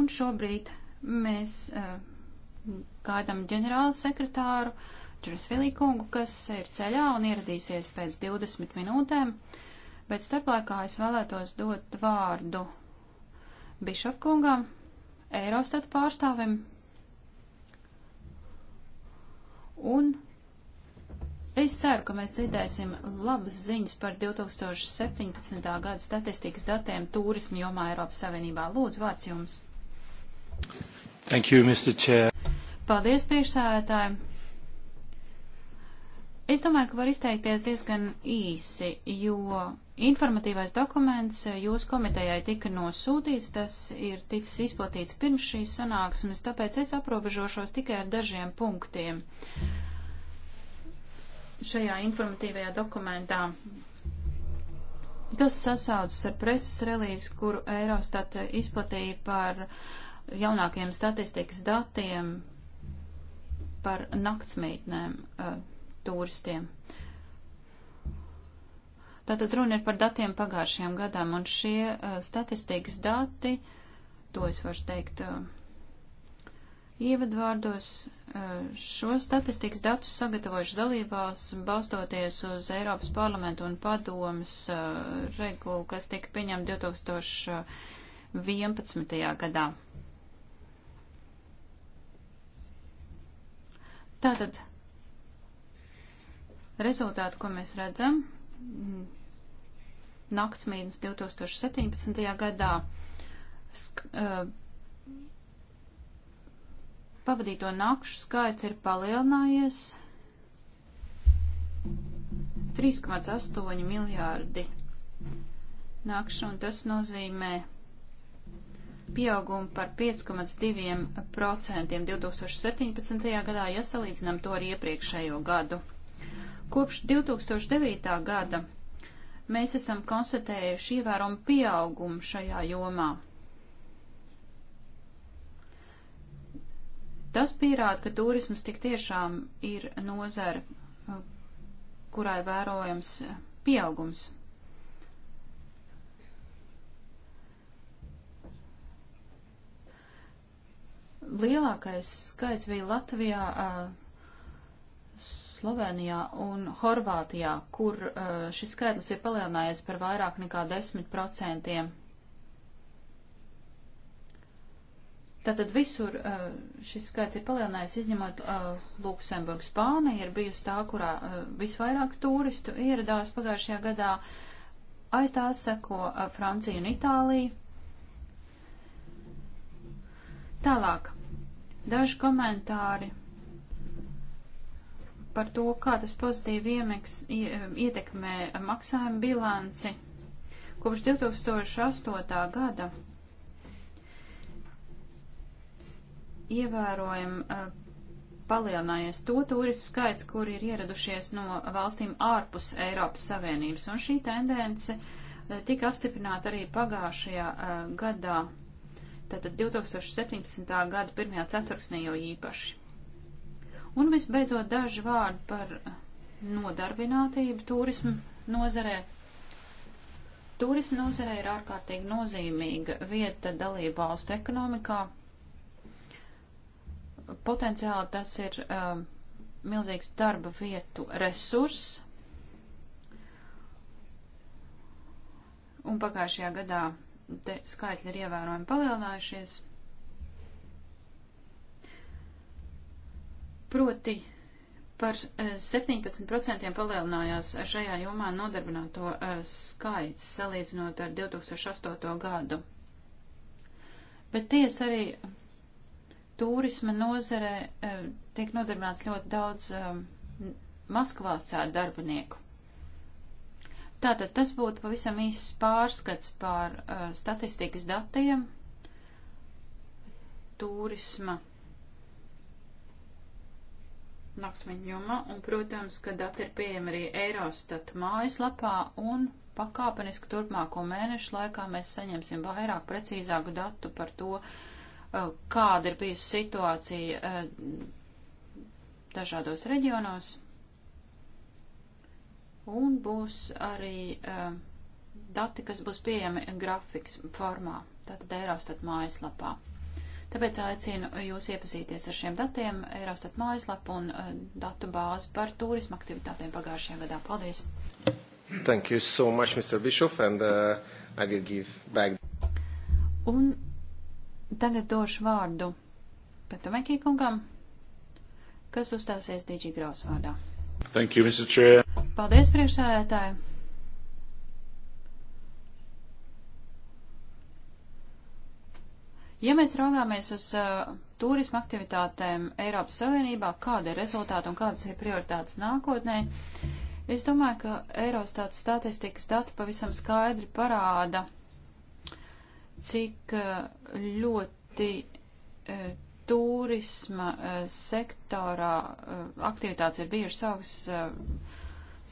Un šobrīd mēs uh, gaidām ģenerāla sekretāru uh, Trisvili kungu, kas ir ceļā un ieradīsies pēc 20 minūtēm, bet starplaikā es vēlētos dot vārdu Bišofkungam, Eirostat pārstāvim un Es ceru, ka mēs dzirdēsim labas ziņas par 2017. gada statistikas datiem turismu jomā Eiropas Savienībā. Lūdzu, vārds jums. Thank you, Mr. Chair. Paldies, priekšsēdētāji. Es domāju, ka var izteikties diezgan īsi, jo informatīvais dokuments jūsu komitejai tika nosūtīts, tas ir ticis izplatīts pirms šīs sanāksmes, tāpēc es aprobežošos tikai ar dažiem punktiem šajā informatīvajā dokumentā, kas sasaucas ar preses relīzi, kuru Eurostat izplatīja par jaunākajiem statistikas datiem par naktsmītnēm. Uh, turistiem. Tātad runa ir par datiem pagājušajām gadām, un šie uh, statistikas dati, to es varu teikt uh, ievadvārdos, uh, šo statistikas datus sagatavojuši dalībās, balstoties uz Eiropas parlamentu un padomas uh, regulu, kas tika pieņemta 2011. gadā. Tātad Rezultāti, ko mēs redzam mm, naktsmītnes 2017. gadā, sk, uh, pavadīto nakšu skaits ir palielinājies 3,8 miljārdi nakšu, un tas nozīmē pieaugumu par 5,2% 2017. gadā, ja salīdzinām to ar iepriekšējo gadu. Kopš 2009. gada mēs esam konstatējuši ievērumu pieaugumu šajā jomā. Tas pierāda, ka turismas tik tiešām ir nozara, kurai vērojams pieaugums. Lielākais skaits bija Latvijā Slovenijā un Horvātijā, kur uh, šis skaitlis ir palielinājies par vairāk nekā 10%. Tātad visur uh, šis skaits ir palielinājies, izņemot uh, Luksemburgu. Spānija ir bijusi tā, kurā visvairāk turistu ieradās pagājušajā gadā. Aiz tās seko Francija un Itālija. Tālāk. Daži komentāri par to, kā tas pozitīvi iemeks, ietekmē maksājumu bilanci. Kopš 2008. gada ievērojami e, palielinājies to turistu skaits, kuri ir ieradušies no valstīm ārpus Eiropas Savienības, un šī tendence e, tika apstiprināta arī pagājušajā e, gadā, tātad 2017. gada pirmajā ceturksnī jau īpaši. Un visbeidzot daži vārdi par nodarbinātību turismu nozarē. Turisma nozare ir ārkārtīgi nozīmīga vieta dalību valstu ekonomikā. Potenciāli tas ir um, milzīgs darba vietu resurs. Un pagājušajā gadā te skaitļi ir ievērojami palielinājušies. Proti par 17% eh, palielinājās šajā jomā nodarbināto eh, skaits salīdzinot ar 2008. gadu. Bet tiesa arī turisma nozarē eh, tiek nodarbināts ļoti daudz Maskavā cēlu darbinieku. Tātad tas būtu pavisam īsts pārskats pār statistikas datiem turisma Naksmiņuma, un, protams, ka dati ir pieejami arī Eirostat mājaslapā, un pakāpeniski turpmāko mēnešu laikā mēs saņemsim vairāk precīzāku datu par to, eh, kāda ir bijusi situācija eh, dažādos reģionos, un būs arī eh, dati, kas būs pieejami grafikas formā, tātad Eirostat mājaslapā. Tāpēc aicinu jūs iepazīties ar šiem datiem, Eurostat mājaslapu un eh, datu bāzi par turismu aktivitātēm pagājušajā gadā. Paldies! Thank you so much, Mr. Bischoff, and uh, I will give back. Un tagad došu vārdu Petamekī kungam, kas uzstāsies DG Graus vārdā. Thank you, Mr. Chair. Paldies, priekšsēdētāji. Ja mēs raugāmies uz uh, turisma aktivitātēm Eiropas Savienībā, kāda ir rezultāta un kādas ir prioritātes nākotnē, es domāju, ka Eirostāta statistikas dati pavisam skaidri parāda, cik uh, ļoti uh, turisma uh, sektorā uh, aktivitātes ir bijušas augstas. Uh,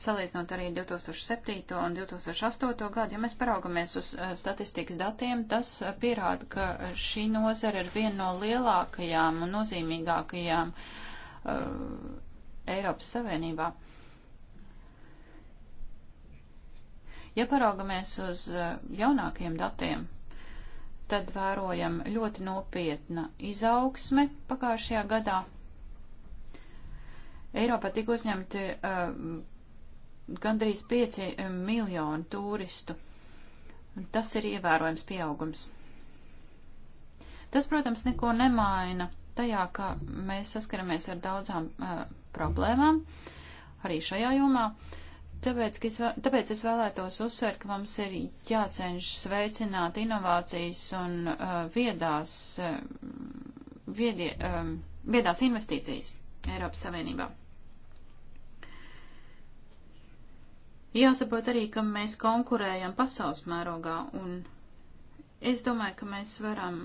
salīdzinot arī 2007. un 2008. gadu, ja mēs paraugamies uz eh, statistikas datiem, tas eh, pierāda, ka eh, šī nozara ir viena no lielākajām un nozīmīgākajām uh, Eiropas Savienībā. Ja paraugamies uz jaunākiem datiem, tad vērojam ļoti nopietna izaugsme pagājušajā gadā. Eiropā tika uzņemti uh, gandrīz 5 eh, miljoni turistu. Tas ir ievērojams pieaugums. Tas, protams, neko nemaina tajā, ka mēs saskaramies ar daudzām uh, problēmām arī šajā jomā. Tāpēc, es, tāpēc es vēlētos uzsvērt, ka mums ir jācenšas veicināt inovācijas un uh, viedās, uh, viedie, um, uh, viedās investīcijas Eiropas Savienībā. Jāsaprot arī, ka mēs konkurējam pasaules mērogā, un es domāju, ka mēs varam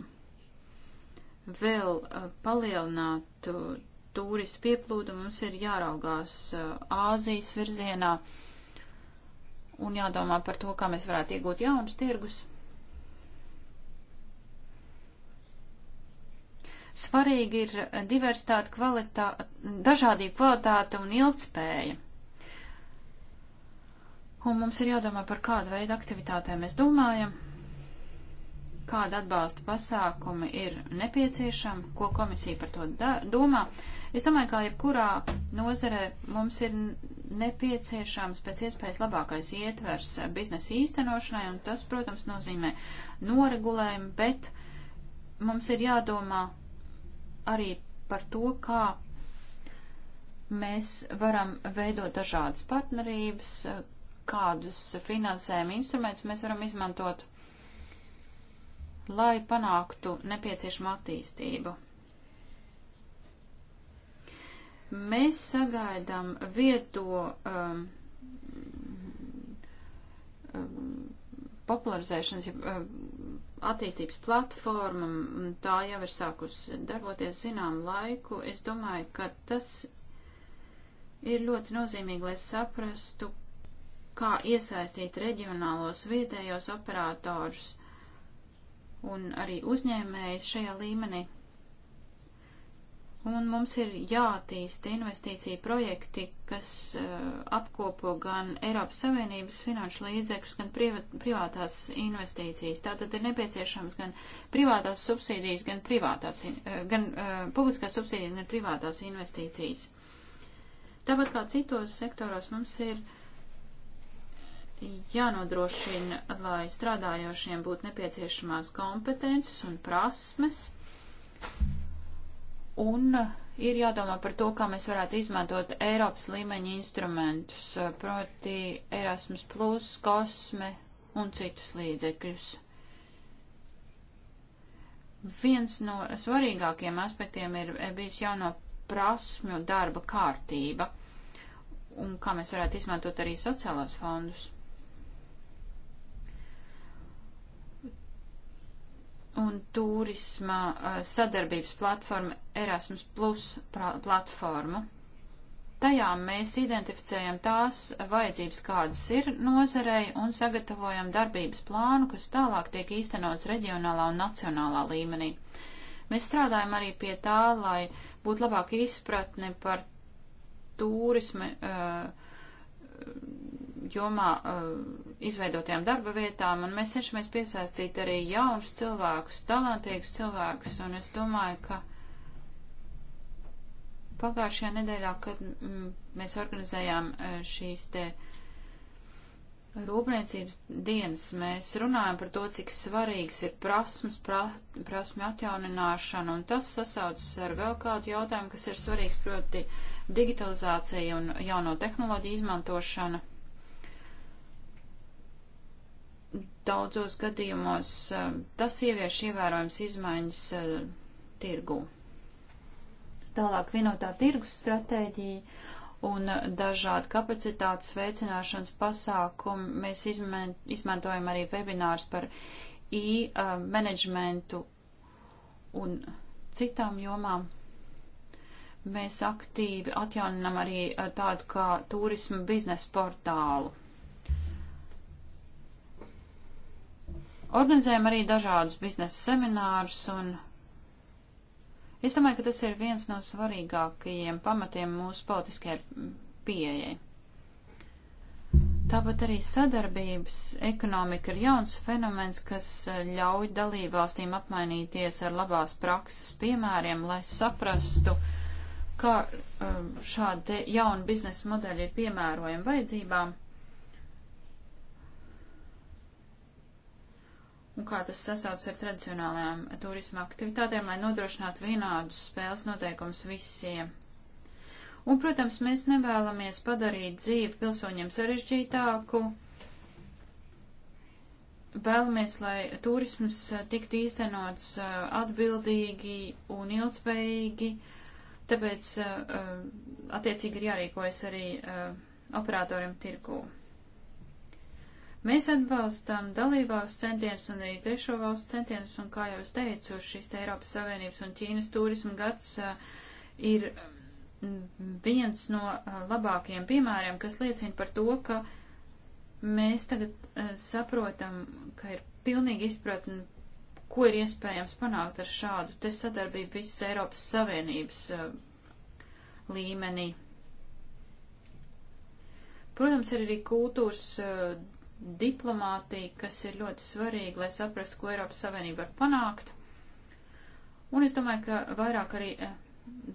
vēl uh, palielināt uh, turistu pieplūdu, mums ir jāraugās uh, Āzijas virzienā un jādomā par to, kā mēs varētu iegūt jaunus tirgus. Svarīgi ir diversitāte, kvalitā, dažādība kvalitāte un ilgtspēja. Un mums ir jādomā par kādu veidu aktivitātēm mēs domājam, kāda atbalsta pasākumi ir nepieciešami, ko komisija par to domā. Es domāju, ka jebkurā nozarē mums ir nepieciešams pēc iespējas labākais ietvers biznesa īstenošanai, un tas, protams, nozīmē noregulējumu, bet mums ir jādomā arī par to, kā mēs varam veidot dažādas partnerības, kādus finansējuma instrumentus mēs varam izmantot, lai panāktu nepieciešamu attīstību. Mēs sagaidām vieto um, um popularizēšanas um, attīstības platforma, tā jau ir sākus darboties zinām laiku. Es domāju, ka tas ir ļoti nozīmīgi, lai saprastu, kā iesaistīt reģionālos vietējos operators un arī uzņēmējus šajā līmenī. Un mums ir jātīsta investīcija projekti, kas uh, apkopo gan Eiropas Savienības finanšu līdzekļus, gan privat, privātās investīcijas. Tātad ir nepieciešams gan privātās subsīdijas, gan, privātās, uh, gan uh, publiskās subsīdijas, gan privātās investīcijas. Tāpat kā citos sektoros mums ir uh, jānodrošina, lai strādājošiem būtu nepieciešamās kompetences un prasmes. Un uh, ir jādomā par to, kā mēs varētu izmantot Eiropas līmeņa instrumentus, uh, proti Erasmus, plus, Kosme un citus līdzekļus. Viens no svarīgākiem aspektiem ir eh, bijis jauno prasmju darba kārtība un kā mēs varētu izmantot arī sociālos fondus. un turisma eh, sadarbības platforma Erasmus Plus platformu. Tajā mēs identificējam tās vajadzības, kādas ir nozarei, un sagatavojam darbības plānu, kas tālāk tiek īstenots reģionālā un nacionālā līmenī. Mēs strādājam arī pie tā, lai būtu labāka izpratne par turisma uh, jomā uh, izveidotajām darba vietām, un mēs cenšamies piesaistīt arī jaunus cilvēkus, talantīgus cilvēkus, un es domāju, ka pagājušajā nedēļā, kad mm, mēs organizējām e, šīs te rūpniecības dienas, mēs runājam par to, cik svarīgs ir prasmes, pra, prasme atjaunināšana, un tas sasaucas ar vēl kādu jautājumu, kas ir svarīgs, proti digitalizācija un jauno tehnoloģiju izmantošana daudzos gadījumos eh, tas ievieš ievērojams izmaiņas eh, tirgū. Tālāk vienotā tirgus stratēģija un dažādi kapacitātes veicināšanas pasākumi. Mēs izmen, izmantojam arī webinārus par e-managementu eh, un citām jomām. Mēs aktīvi atjauninam arī tādu kā turismu biznesa portālu. Organizējam arī dažādus biznesa seminārus, un es domāju, ka tas ir viens no svarīgākajiem pamatiem mūsu politiskajai pieejai. Tāpat arī sadarbības ekonomika ir jauns fenomens, kas ļauj dalībvalstīm apmainīties ar labās prakses piemēriem, lai saprastu, kā um, šādi jauni biznesa modeļi ir piemērojami vajadzībām. un nu, kā tas sasauc ar tradicionālajām turisma aktivitātēm, lai nodrošinātu vienādus spēles noteikumus visiem. Un, protams, mēs nevēlamies padarīt dzīvi pilsoņiem sarežģītāku. Vēlamies, lai turisms tiktu īstenots atbildīgi un ilgspējīgi, tāpēc attiecīgi ir jārīkojas arī operatoriem tirgū. Mēs atbalstam dalībvalstu centienus un arī trešo valstu centienus, un kā jau es teicu, šis te Eiropas Savienības un Ķīnas turismu gads uh, ir mm, viens no uh, labākajiem piemēriem, kas liecina par to, ka mēs tagad uh, saprotam, ka ir pilnīgi izpratni, ko ir iespējams panākt ar šādu te sadarbību visas Eiropas Savienības līmenī. Protams, ir arī kultūras diplomātija, kas ir ļoti svarīga, lai saprastu, ko Eiropas Savienība var panākt. Un es domāju, ka vairāk arī eh,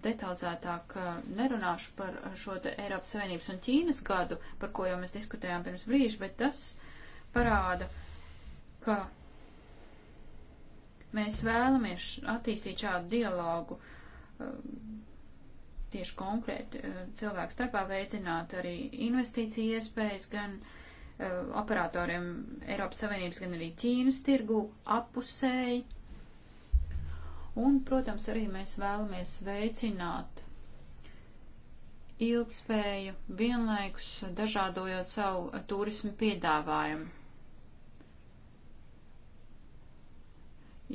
detalizētāk eh, nerunāšu par šo Eiropas Savienības un Ķīnas gadu, par ko jau mēs diskutējām pirms brīža, bet tas parāda, ka mēs vēlamies attīstīt šādu dialogu eh, tieši konkrēti cilvēku starpā veicināt arī investīciju iespējas, gan uh, Eh, operatoriem Eiropas Savienības, gan arī Ķīnas tirgu apusēji. Un, protams, arī mēs vēlamies veicināt ilgspēju vienlaikus dažādojot savu turismu piedāvājumu.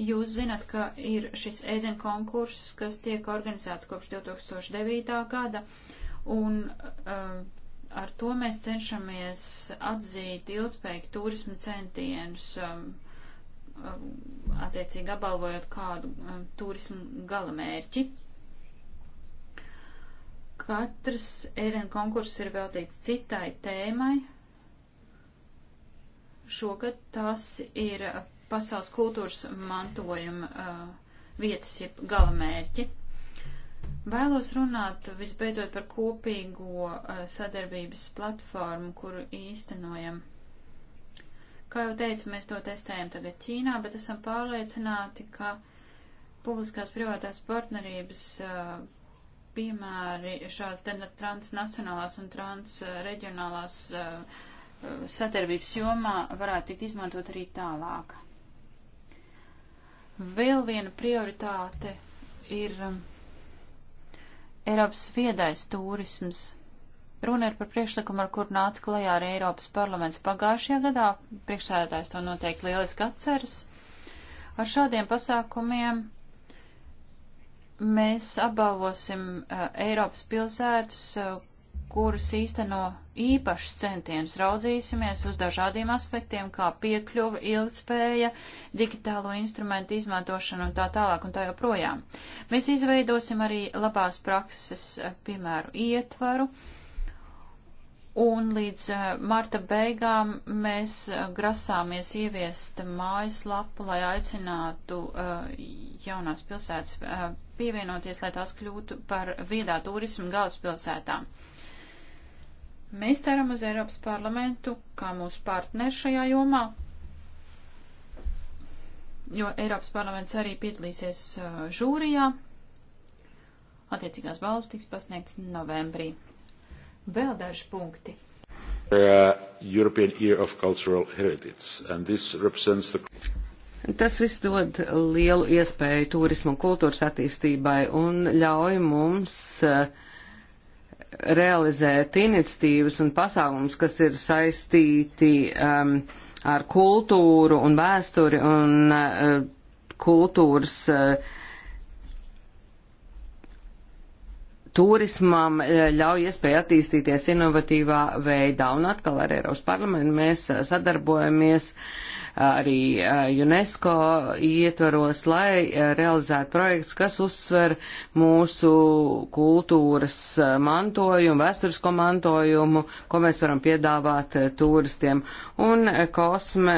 Jūs zinat, ka ir šis ēden konkurss, kas tiek organizēts kopš 2009. gada, un uh, ar to mēs cenšamies atzīt ilgspējīgi turismu centienus, um, um, attiecīgi apbalvojot kādu um, turismu galamērķi. Katrs ēdienu konkurss ir veltīts citai tēmai. Šogad tas ir pasaules kultūras mantojuma uh, vietas, jeb galamērķi. Vēlos runāt visbeidzot par kopīgo eh, sadarbības platformu, kuru īstenojam. Kā jau teicu, mēs to testējam tagad Ķīnā, bet esam pārliecināti, ka publiskās privātās partnerības eh, piemēri šāds transnacionālās un transreģionālās eh, satarbības jomā varētu tikt izmantot arī tālāk. Vēl viena prioritāte ir Eiropas viedais turisms. Runa ir par priekšlikumu, ar kur nāca klajā arī Eiropas parlaments pagājušajā gadā. Priekšsēdētājs to noteikti lieliski atceras. Ar šādiem pasākumiem mēs apbalvosim uh, Eiropas pilsētas, uh, kuras īsteno īpašs centienus. Raudzīsimies uz dažādiem aspektiem, kā piekļuva, ilgtspēja, digitālo instrumentu izmantošana un tā tālāk un tā joprojām. Mēs izveidosim arī labās prakses, eh, piemēru, ietvaru. Un līdz eh, marta beigām mēs eh, grasāmies ieviest mājaslapu, lai aicinātu jaunās pilsētas pievienoties, lai tās kļūtu par viedā turismu galvaspilsētām. pilsētām. Mēs ceram uz Eiropas parlamentu kā mūsu partneri šajā jomā, jo Eiropas parlaments arī piedalīsies uh, žūrijā. Attiecīgās balvas tiks pasniegts novembrī. Vēl daži punkti. Uh, European Year of Cultural Heritage, and this represents the Tas viss dod lielu iespēju turismu un kultūras attīstībai un ļauj mums uh, realizēt iniciatīvas un pasākums, kas ir saistīti um, ar kultūru un vēsturi un uh, kultūras uh, turismam uh, ļauj iespēju attīstīties inovatīvā veidā. Un atkal ar Eiropas parlamentu mēs uh, sadarbojamies uh, arī UNESCO ietvaros, lai realizētu projekts, kas uzsver mūsu kultūras mantojumu, vēsturisko mantojumu, ko mēs varam piedāvāt turistiem. Un kosme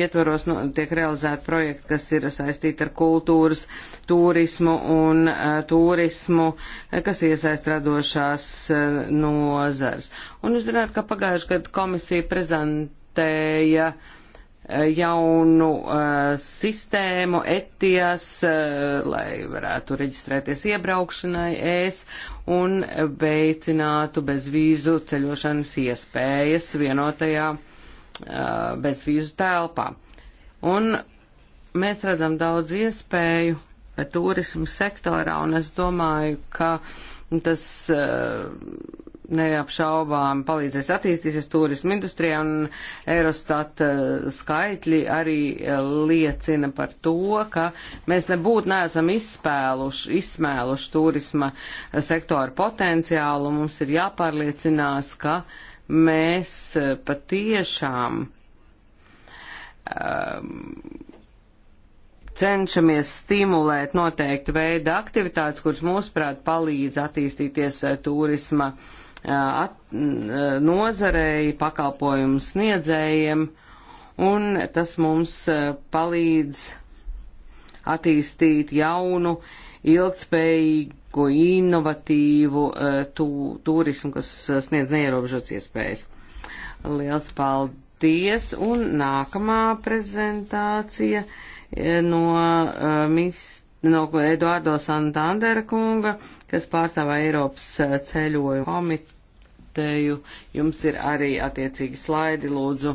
ietvaros nu, tiek realizēta projekta, kas ir saistīta ar kultūras, turismu un turismu, kas iesaist radošās nozars. Un jūs zināt, ka pagājuši gadu komisija prezentēja uh, jaunu uh, sistēmu ETIAS, uh, lai varētu reģistrēties iebraukšanai ES un veicinātu bezvīzu ceļošanas iespējas vienotajā uh, bezvīzu telpā. Un mēs redzam daudz iespēju turismu sektorā, un es domāju, ka tas uh, neapšaubām palīdzēs attīstīties turismu industrijā, un Eurostat eh, skaitļi arī eh, liecina par to, ka mēs nebūtu neesam izspēluši, izsmēluši turisma eh, sektora potenciālu, un mums ir jāpārliecinās, ka mēs patiešām um, cenšamies stimulēt noteikti veida aktivitātes, kuras mūsuprāt palīdz attīstīties turisma uh, at, nozarei, pakalpojumu sniedzējiem, un tas mums palīdz attīstīt jaunu, ilgspējīgu, inovatīvu tū, turismu, kas sniedz neierobežots iespējas. Liels paldies! Un nākamā prezentācija no uh, Mist no Eduardo Santandera kunga, kas pārstāvā Eiropas eh, ceļojumu komiteju. Jums ir arī attiecīgi slaidi, lūdzu.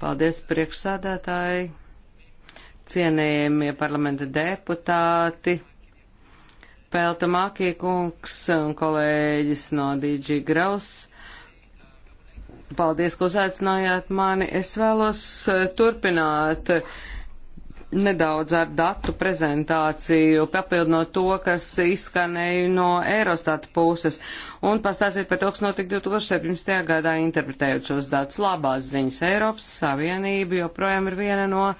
Paldies priekšsādātāji, cienējamie parlamenta deputāti. Pelta Mākī kungs un kolēģis no DG Graus. Paldies, ka uzaicinājāt mani. Es vēlos eh, turpināt nedaudz ar datu prezentāciju, papildinot to, kas izskanēja no Eurostata puses, un pastāstīt par to, kas notika 2017. gadā, interpretējot šos datus. Labās ziņas Eiropas Savienība joprojām ir viena no e,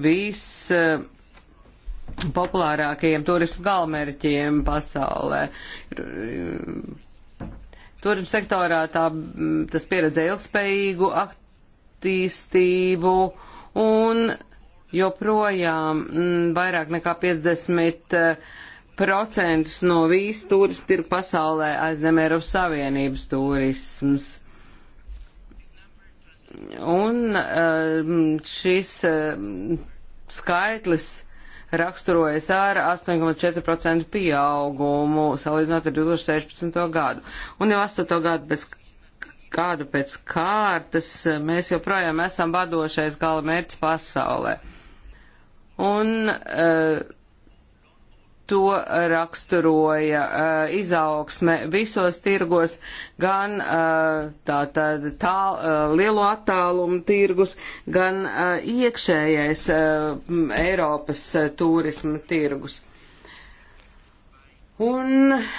vis e, populārākajiem turismu galmērķiem pasaulē. E, turismu sektorā tā, tas pieredzēja ilgspējīgu aktīstību un joprojām m, mm, vairāk nekā 50 eh, procentus no visu turismu tirgu pasaulē aizņem Eiropas Savienības turisms. Un eh, šis eh, skaitlis raksturojas ar 8,4% pieaugumu salīdzinot ar 2016. gadu. Un jau 8. gadu pēc gadu pēc kārtas eh, mēs joprojām esam vadošais gala mērķis pasaulē. Un uh, to raksturoja uh, izaugsme visos tirgos, gan uh, tā, tā, tā lielo attālumu tirgus, gan iekšējais Eiropas turisma tirgus. Un uh,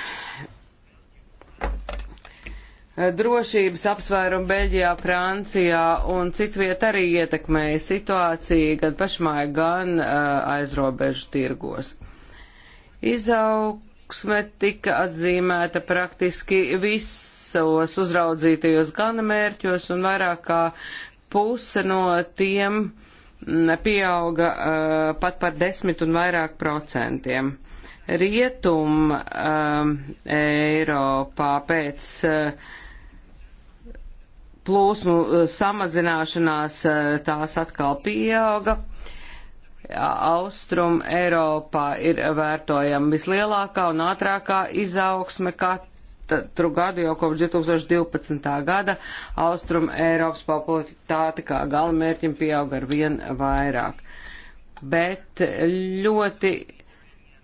Eh, drošības apsvērumu Beļģijā, Francijā un citviet arī ietekmēja situāciju gan pašmāja, gan uh, aizrobežu tirgos. Izaugsme tika atzīmēta praktiski visos uzraudzītajos gana mērķos un vairāk kā puse no tiem mm, pieauga uh, pat par desmit un vairāk procentiem rietum um, Eiropā pēc uh, plūsmu eh, samazināšanās eh, tās atkal pieauga. Austrum Eiropā ir vērtojama vislielākā un ātrākā izaugsme katru gadu jau kopš 2012. gada. Austrum Eiropas popularitāte kā galamērķim pieauga ar vien vairāk. Bet ļoti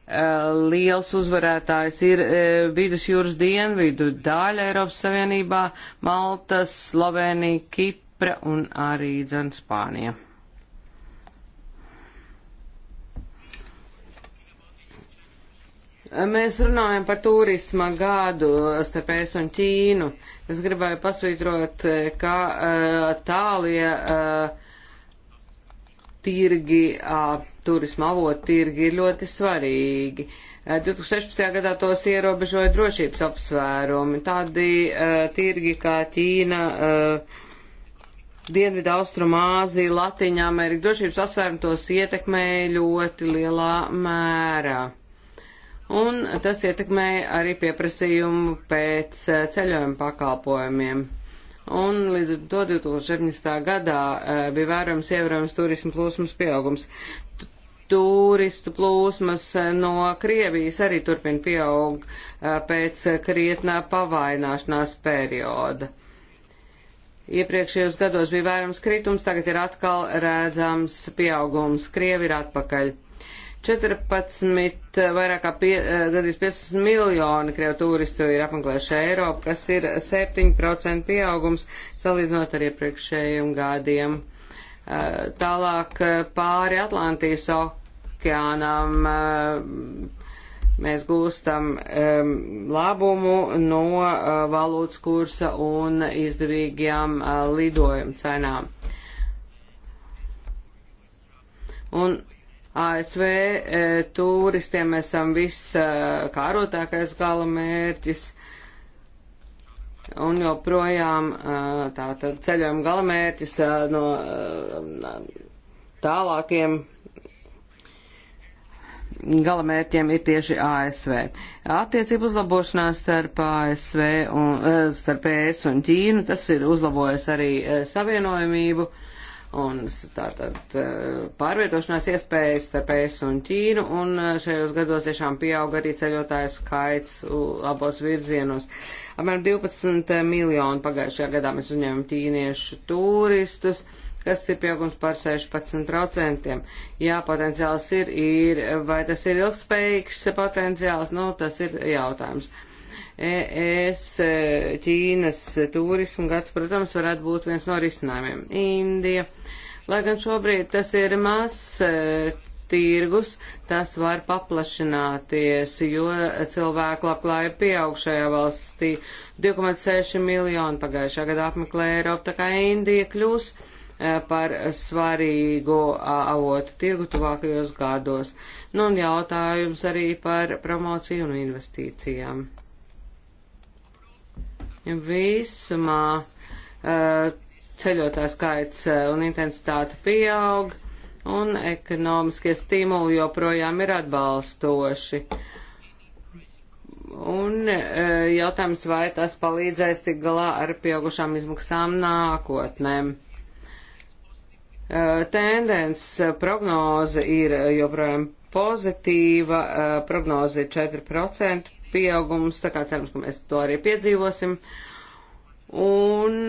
Eh, liels uzvarētājs ir eh, vidusjūras dienvidu daļa Eiropas Savienībā - Malta, Slovenija, Kipra un arī dzen Spānija. Eh, mēs runājam par turisma gadu starp es un Ķīnu. Es gribēju pasvītrot, ka uh, tālie uh, tirgi, turisma avotu tirgi ir ļoti svarīgi. 2016. gadā tos ierobežoja drošības apsvērumi. Tādi uh, tirgi kā Ķīna, uh, Dienvidu Austrumāzija, Latiņa Amerika, drošības apsvērumi tos ietekmēja ļoti lielā mērā. Un tas ietekmēja arī pieprasījumu pēc ceļojuma pakalpojumiem un līdz ar to 2017. gadā eh, bija vērojams ievērojams turismu plūsmas pieaugums. Turistu plūsmas eh, no Krievijas arī turpina pieaug eh, pēc krietnā pavaināšanās perioda. Iepriekšējos gados bija vērams kritums, tagad ir atkal redzams pieaugums. Krievi ir atpakaļ. 14, vairāk kā pie, eh, gandrīz 15 miljoni krievu turistu ir apmeklējuši Eiropu, kas ir 7% pieaugums salīdzinot ar iepriekšējiem gadiem. Eh, tālāk eh, pāri Atlantijas okeānam mēs gūstam labumu no valūtas kursa un izdevīgajām lidojumu cenām. Un ASV e, turistiem mēs esam viss e, kārotākais gala mērķis. Un joprojām e, tā tad ceļojuma gala mērķis e, no e, tālākiem galamērķiem ir tieši ASV. Attiecību uzlabošanās starp ASV un e, starp ES un Ķīnu, tas ir uzlabojis arī e, savienojumību. Uh, un tātad e, pārvietošanās iespējas starp ES un Ķīnu, un e, šajos gados tiešām pieauga arī ceļotāju skaits abos virzienos. Apmēram 12 miljonu pagājušajā gadā mēs uzņēmām ķīniešu turistus kas ir pieaugums par 16%. Jā, potenciāls ir, ir, vai tas ir ilgspējīgs potenciāls, nu, tas ir jautājums. ES e, Ķīnas turismu gads, protams, varētu būt viens no risinājumiem. Indija, lai gan šobrīd tas ir mazs e, tirgus, tas var paplašināties, jo cilvēku labklājība pieaug šajā valstī. 2,6 miljoni pagājušā gada apmeklē Eiropu, tā kā Indija kļūs e, par svarīgu avotu tirgu tuvākajos gados. Nu un jautājums arī par promociju un investīcijām. Visumā eh, ceļotāju skaits eh, un intensitāte pieaug, un ekonomiskie stimuli joprojām ir atbalstoši. Un eh, jautājums, vai tas palīdzēs tik galā ar pieaugušām izmaksām nākotnēm. Tendence prognoze ir joprojām pozitīva, prognoze ir 4% pieaugums, tā kā cerams, ka mēs to arī piedzīvosim. Un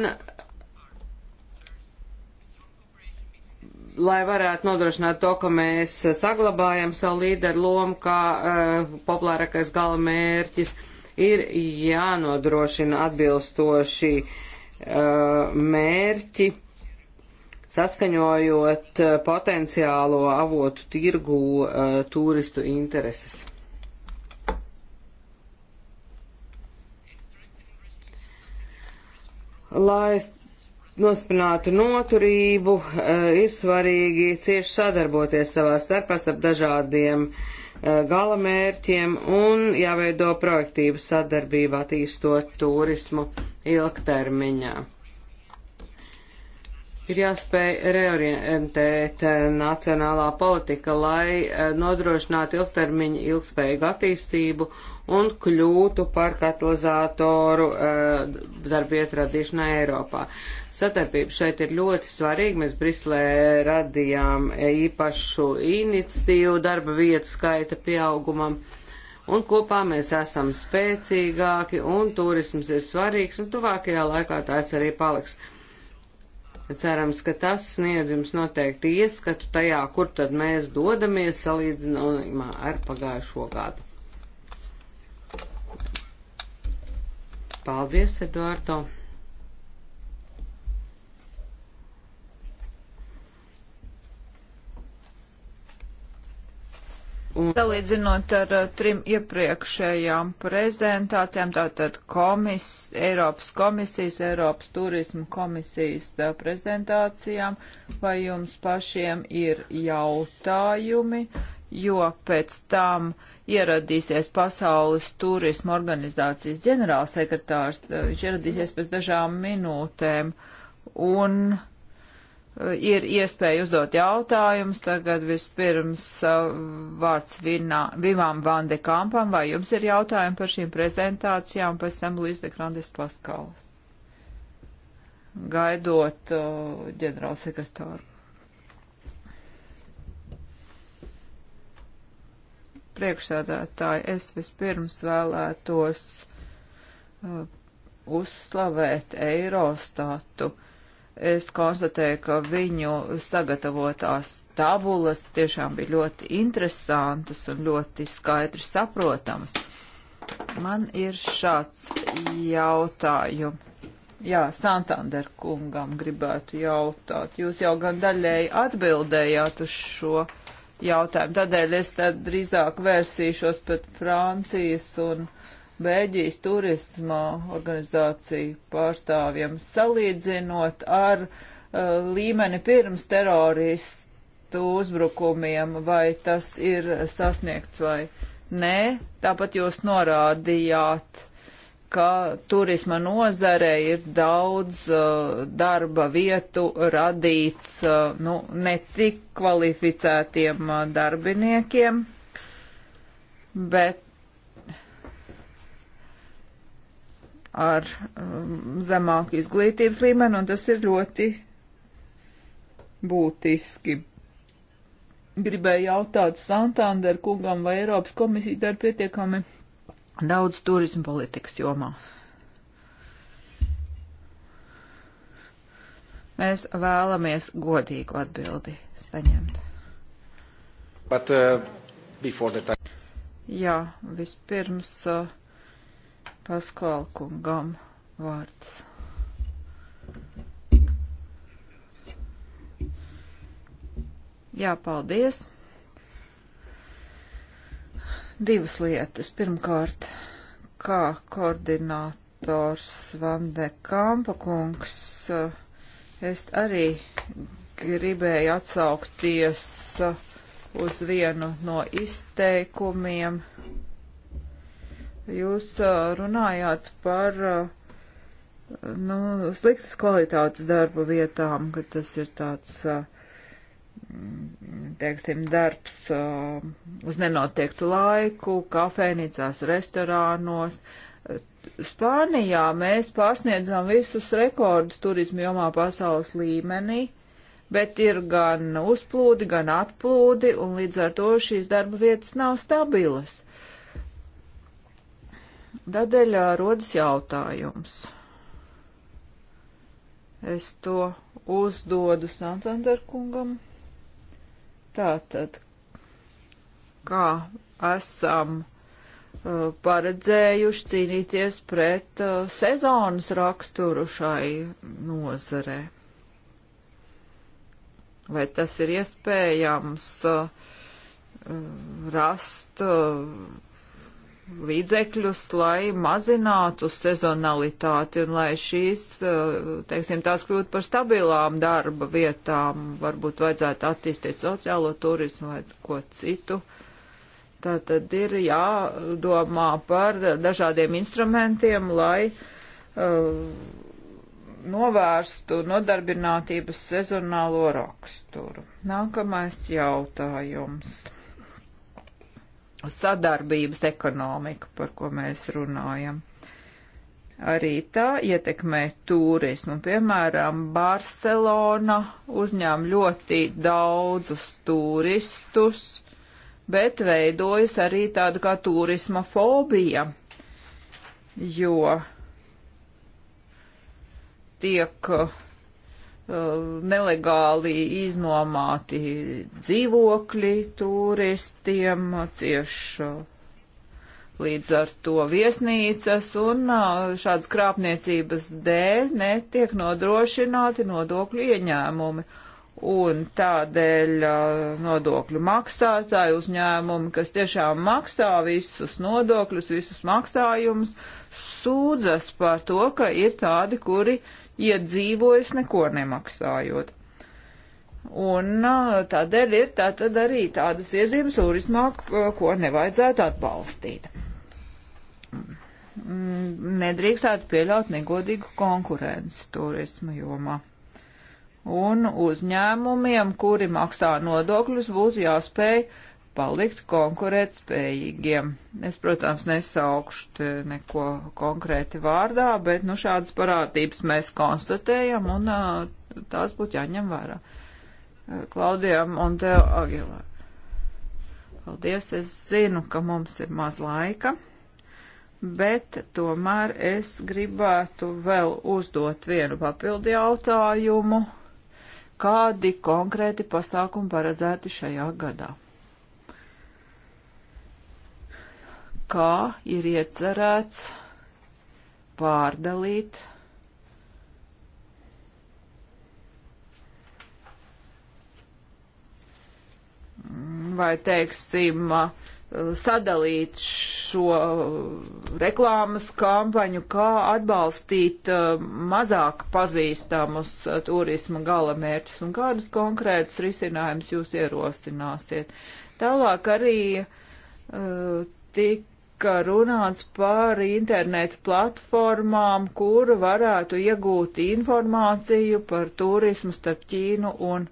lai varētu nodrošināt to, ka mēs saglabājam savu līderu lomu, kā uh, populārākais gala mērķis, ir jānodrošina atbilstoši uh, mērķi, saskaņojot uh, potenciālo avotu tirgu uh, turistu intereses. Lai nospinātu noturību, eh, ir svarīgi cieši sadarboties savā starpā starp dažādiem eh, galamērķiem un jāveido projektīvu sadarbību attīstot turismu ilgtermiņā. Ir jāspēj reorientēt eh, nacionālā politika, lai nodrošinātu ilgtermiņa ilgspējīgu attīstību un kļūtu par katalizatoru uh, eh, darbietu radīšanai Eiropā. Satarbība šeit ir ļoti svarīga. Mēs Brislē radījām īpašu iniciatīvu darba vietu skaita pieaugumam un kopā mēs esam spēcīgāki, un turisms ir svarīgs, un tuvākajā laikā tāds arī paliks. Cerams, ka tas sniedz jums noteikti ieskatu tajā, kur tad mēs dodamies salīdzinājumā ar pagājušo gadu. Paldies, Eduardo! Un... Salīdzinot ar uh, trim iepriekšējām prezentācijām, tātad komis, Eiropas komisijas, Eiropas turismu komisijas uh, prezentācijām, vai jums pašiem ir jautājumi, jo pēc tam uh, ieradīsies Pasaules turisma organizācijas ģenerālsekretārs. Eh, viņš ieradīsies pēc dažām minūtēm un eh, ir iespēja uzdot jautājumus. Tagad vispirms eh, vārds vinā, Vimam Vande Kampam, vai jums ir jautājumi par šīm prezentācijām, pēc tam Līdz de Grandes Paskalas gaidot uh, ģenerālsekretāru. priekšsēdētāji, es vispirms vēlētos uh, uzslavēt Eirostatu. Es konstatēju, ka viņu sagatavotās tabulas tiešām bija ļoti interesantas un ļoti skaidri saprotamas. Man ir šāds jautājums. Jā, Santander kungam gribētu jautāt. Jūs jau gan daļēji atbildējāt uz šo jautājumu jautājumu. Tādēļ es tad drīzāk vērsīšos pret Francijas un Bēģijas turisma organizāciju pārstāvjiem, salīdzinot ar uh, līmeni pirms teroristu uzbrukumiem, vai tas ir sasniegts vai nē. Tāpat jūs norādījāt ka turisma nozare ir daudz uh, darba vietu radīts uh, nu, ne tik kvalificētiem uh, darbiniekiem, bet ar um, zemāku izglītības līmeni, un tas ir ļoti būtiski. Gribēju jautāt Santander kungam, vai Eiropas komisija dara pietiekami daudz turismu politikas jomā. Mēs vēlamies godīgu atbildi saņemt. But, uh, that... Jā, vispirms uh, Paskal kungam vārds. Jā, paldies divas lietas. Pirmkārt, kā koordinators Vande Kampa kungs, eh, es arī gribēju atsaukties eh, uz vienu no izteikumiem. Jūs eh, runājāt par nu, sliktas kvalitātes darba vietām, ka tas ir tāds uh, teiksim, darbs uz nenoteiktu laiku, kafēnīcās, restorānos. Spānijā mēs pārsniedzam visus rekordus turismu jomā pasaules līmenī, bet ir gan uzplūdi, gan atplūdi, un līdz ar to šīs darba vietas nav stabilas. Tādēļ rodas jautājums. Es to uzdodu Santander kungam. Tātad, kā esam uh, paredzējuši cīnīties pret uh, sezonas raksturu šai nozarē. Vai tas ir iespējams uh, rast uh, līdzekļus, lai mazinātu sezonalitāti un lai šīs, eh, teiksim, tās kļūtu par stabilām darba vietām, varbūt vajadzētu attīstīt sociālo turismu vai ko citu. Tā tad ir jādomā par dažādiem instrumentiem, lai uh, novērstu nodarbinātības sezonālo raksturu. Nākamais jautājums sadarbības ekonomika, par ko mēs runājam. Arī tā ietekmē turismu. Piemēram, Barcelona uzņēma ļoti daudzus turistus, bet veidojas arī tāda kā turisma fobija, jo tiek uh, Uh, nelegāli iznomāti dzīvokļi turistiem, cieši uh, līdz ar to viesnīcas un uh, šādas krāpniecības dēļ netiek nodrošināti nodokļu ieņēmumi. Un tādēļ nodokļu maksātāji uzņēmumi, kas tiešām maksā visus nodokļus, visus maksājumus, sūdzas par to, ka ir tādi, kuri uh, iedzīvojas neko nemaksājot. Un uh, tādēļ ir tātad arī tādas iezīmes turismā, uh, ko nevajadzētu atbalstīt. Mm, nedrīkstētu pieļaut negodīgu konkurenci turismu jomā. Un uzņēmumiem, kuri maksā nodokļus, būtu jāspēj uh, palikt konkurēt spējīgiem. Es, protams, nesaukšu neko konkrēti vārdā, bet nu, šādas parādības mēs konstatējam un tās būtu jāņem vērā. Klaudijam un tev, Agilā. Paldies, es zinu, ka mums ir maz laika, bet tomēr es gribētu vēl uzdot vienu papildu jautājumu. Kādi konkrēti pasākumi paredzēti šajā gadā? kā ir iecerēts pārdalīt vai, teiksim, sadalīt šo reklāmas kampaņu, kā atbalstīt mazāk pazīstamus turisma galamērķus un kādus konkrētus risinājumus jūs ierosināsiet. Tālāk arī uh, tik tika runāts par internetu platformām, kur varētu iegūt informāciju par turismu starp Ķīnu un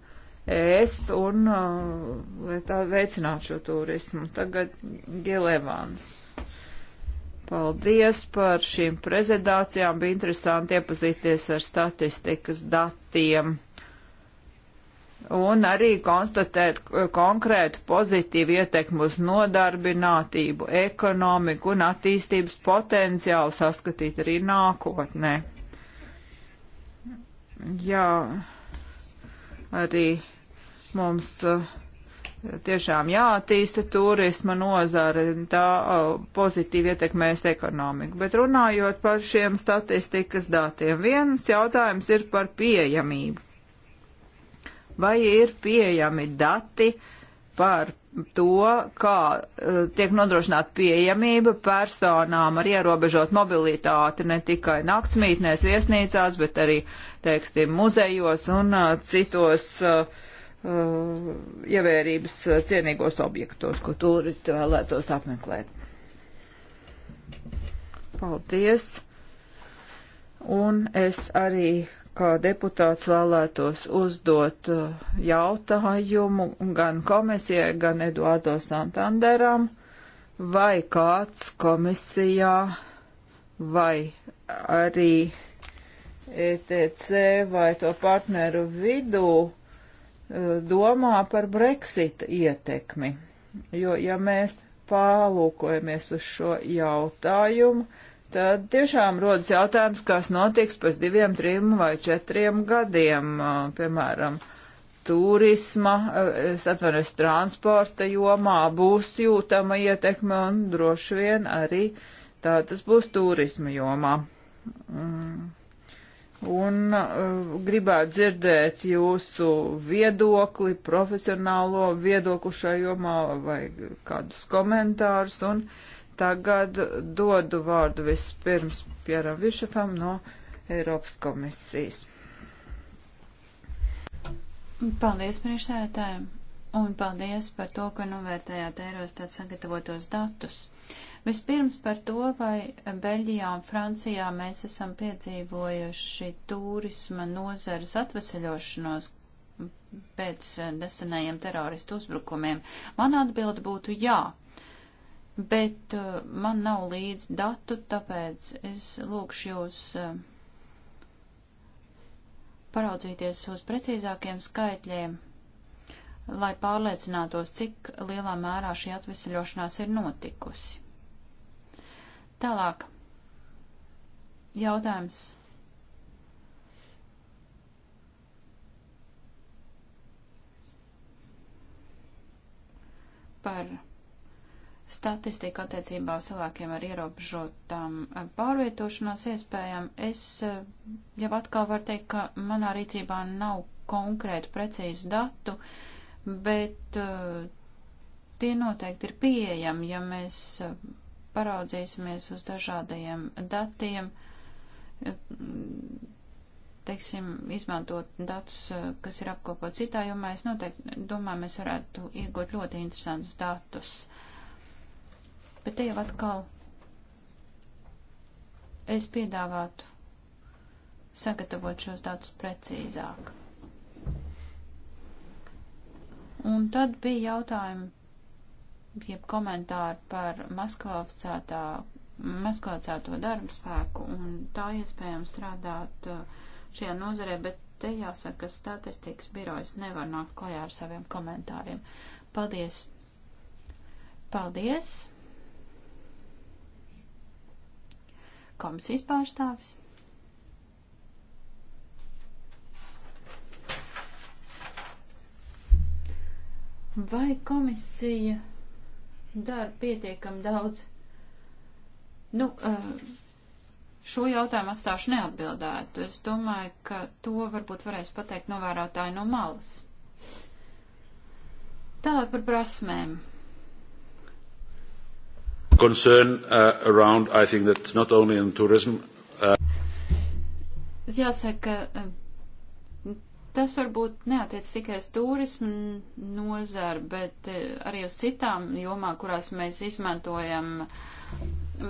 ES un, uh, lai tā veicinātu šo turismu. Tagad Gilevans. Paldies par šīm prezentācijām. Bija interesanti iepazīties ar statistikas datiem un arī konstatēt konkrētu pozitīvu ietekmu uz nodarbinātību, ekonomiku un attīstības potenciālu saskatīt arī nākotnē. Jā, arī mums eh, tiešām jāattīsta turisma nozare, tā eh, pozitīvi ietekmēs ekonomiku. Bet runājot par šiem statistikas datiem, viens jautājums ir par pieejamību vai ir pieejami dati par to, kā uh, tiek nodrošināta pieejamība personām ar ierobežot mobilitāti ne tikai naktsmītnēs, viesnīcās, bet arī, teiksim, muzejos un uh, citos uh, ievērības cienīgos objektos, ko turisti vēlētos apmeklēt. Paldies! Un es arī kā deputāts vēlētos uzdot uh, jautājumu gan komisijai, gan Eduardo Santanderam, vai kāds komisijā, vai arī ETC vai to partneru vidū uh, domā par Brexita ietekmi. Jo, ja mēs pālūkojamies uz šo jautājumu, tad tiešām rodas jautājums, kas notiks pēc diviem, trim vai četriem gadiem, piemēram, turisma, es atvainojos, transporta jomā būs jūtama ietekme un droši vien arī tā tas būs turisma jomā. Mm. Un gribētu dzirdēt jūsu viedokli, profesionālo viedokli šajā jomā vai kādus komentārus un uh, Tagad dodu vārdu vispirms Pieram Višafam no Eiropas komisijas. Paldies priekšsēdētājiem un paldies par to, ka novērtējāt Eirostat sagatavotos datus. Vispirms par to, vai Beļģijā un Francijā mēs esam piedzīvojuši turisma nozares atveseļošanos pēc nesenajiem teroristu uzbrukumiem. Man atbilde būtu jā bet uh, man nav līdz datu, tāpēc es lūkšu jūs uh, paraudzīties uz precīzākiem skaitļiem, lai pārliecinātos, cik lielā mērā šī atvesaļošanās ir notikusi. Tālāk. Jautājums. Par statistiku attiecībā uz cilvēkiem ar ierobežotām eh, pārvietošanās iespējām, es eh, jau atkal varu teikt, ka manā rīcībā nav konkrētu precīzu datu, bet eh, tie noteikti ir pieejami, ja mēs paraudzīsimies uz dažādajiem datiem, teiksim, izmantot datus, kas ir apkopot citā jomā, es noteikti domāju, mēs varētu iegūt ļoti interesantus datus. Bet te jau atkal es piedāvātu sagatavot šos datus precīzāk. Un tad bija jautājumi, jeb komentāri par maskvalificēto darbu spēku un tā iespējams strādāt uh, šajā nozarē, bet te jāsaka, ka statistikas birojas nevar nākt klajā ar saviem komentāriem. Paldies! Paldies! komisijas pārstāvis. Vai komisija dara pietiekam daudz? Nu, eh, šo jautājumu atstāšu neatbildētu. Es domāju, ka to varbūt varēs pateikt novērotāji no malas. Tālāk par prasmēm concern uh, around, I think that not only in tourism. Uh... Jāsaka, uh, tas varbūt neatiec tikai uz turismu nozaru, bet uh, arī uz citām jomām, kurās mēs izmantojam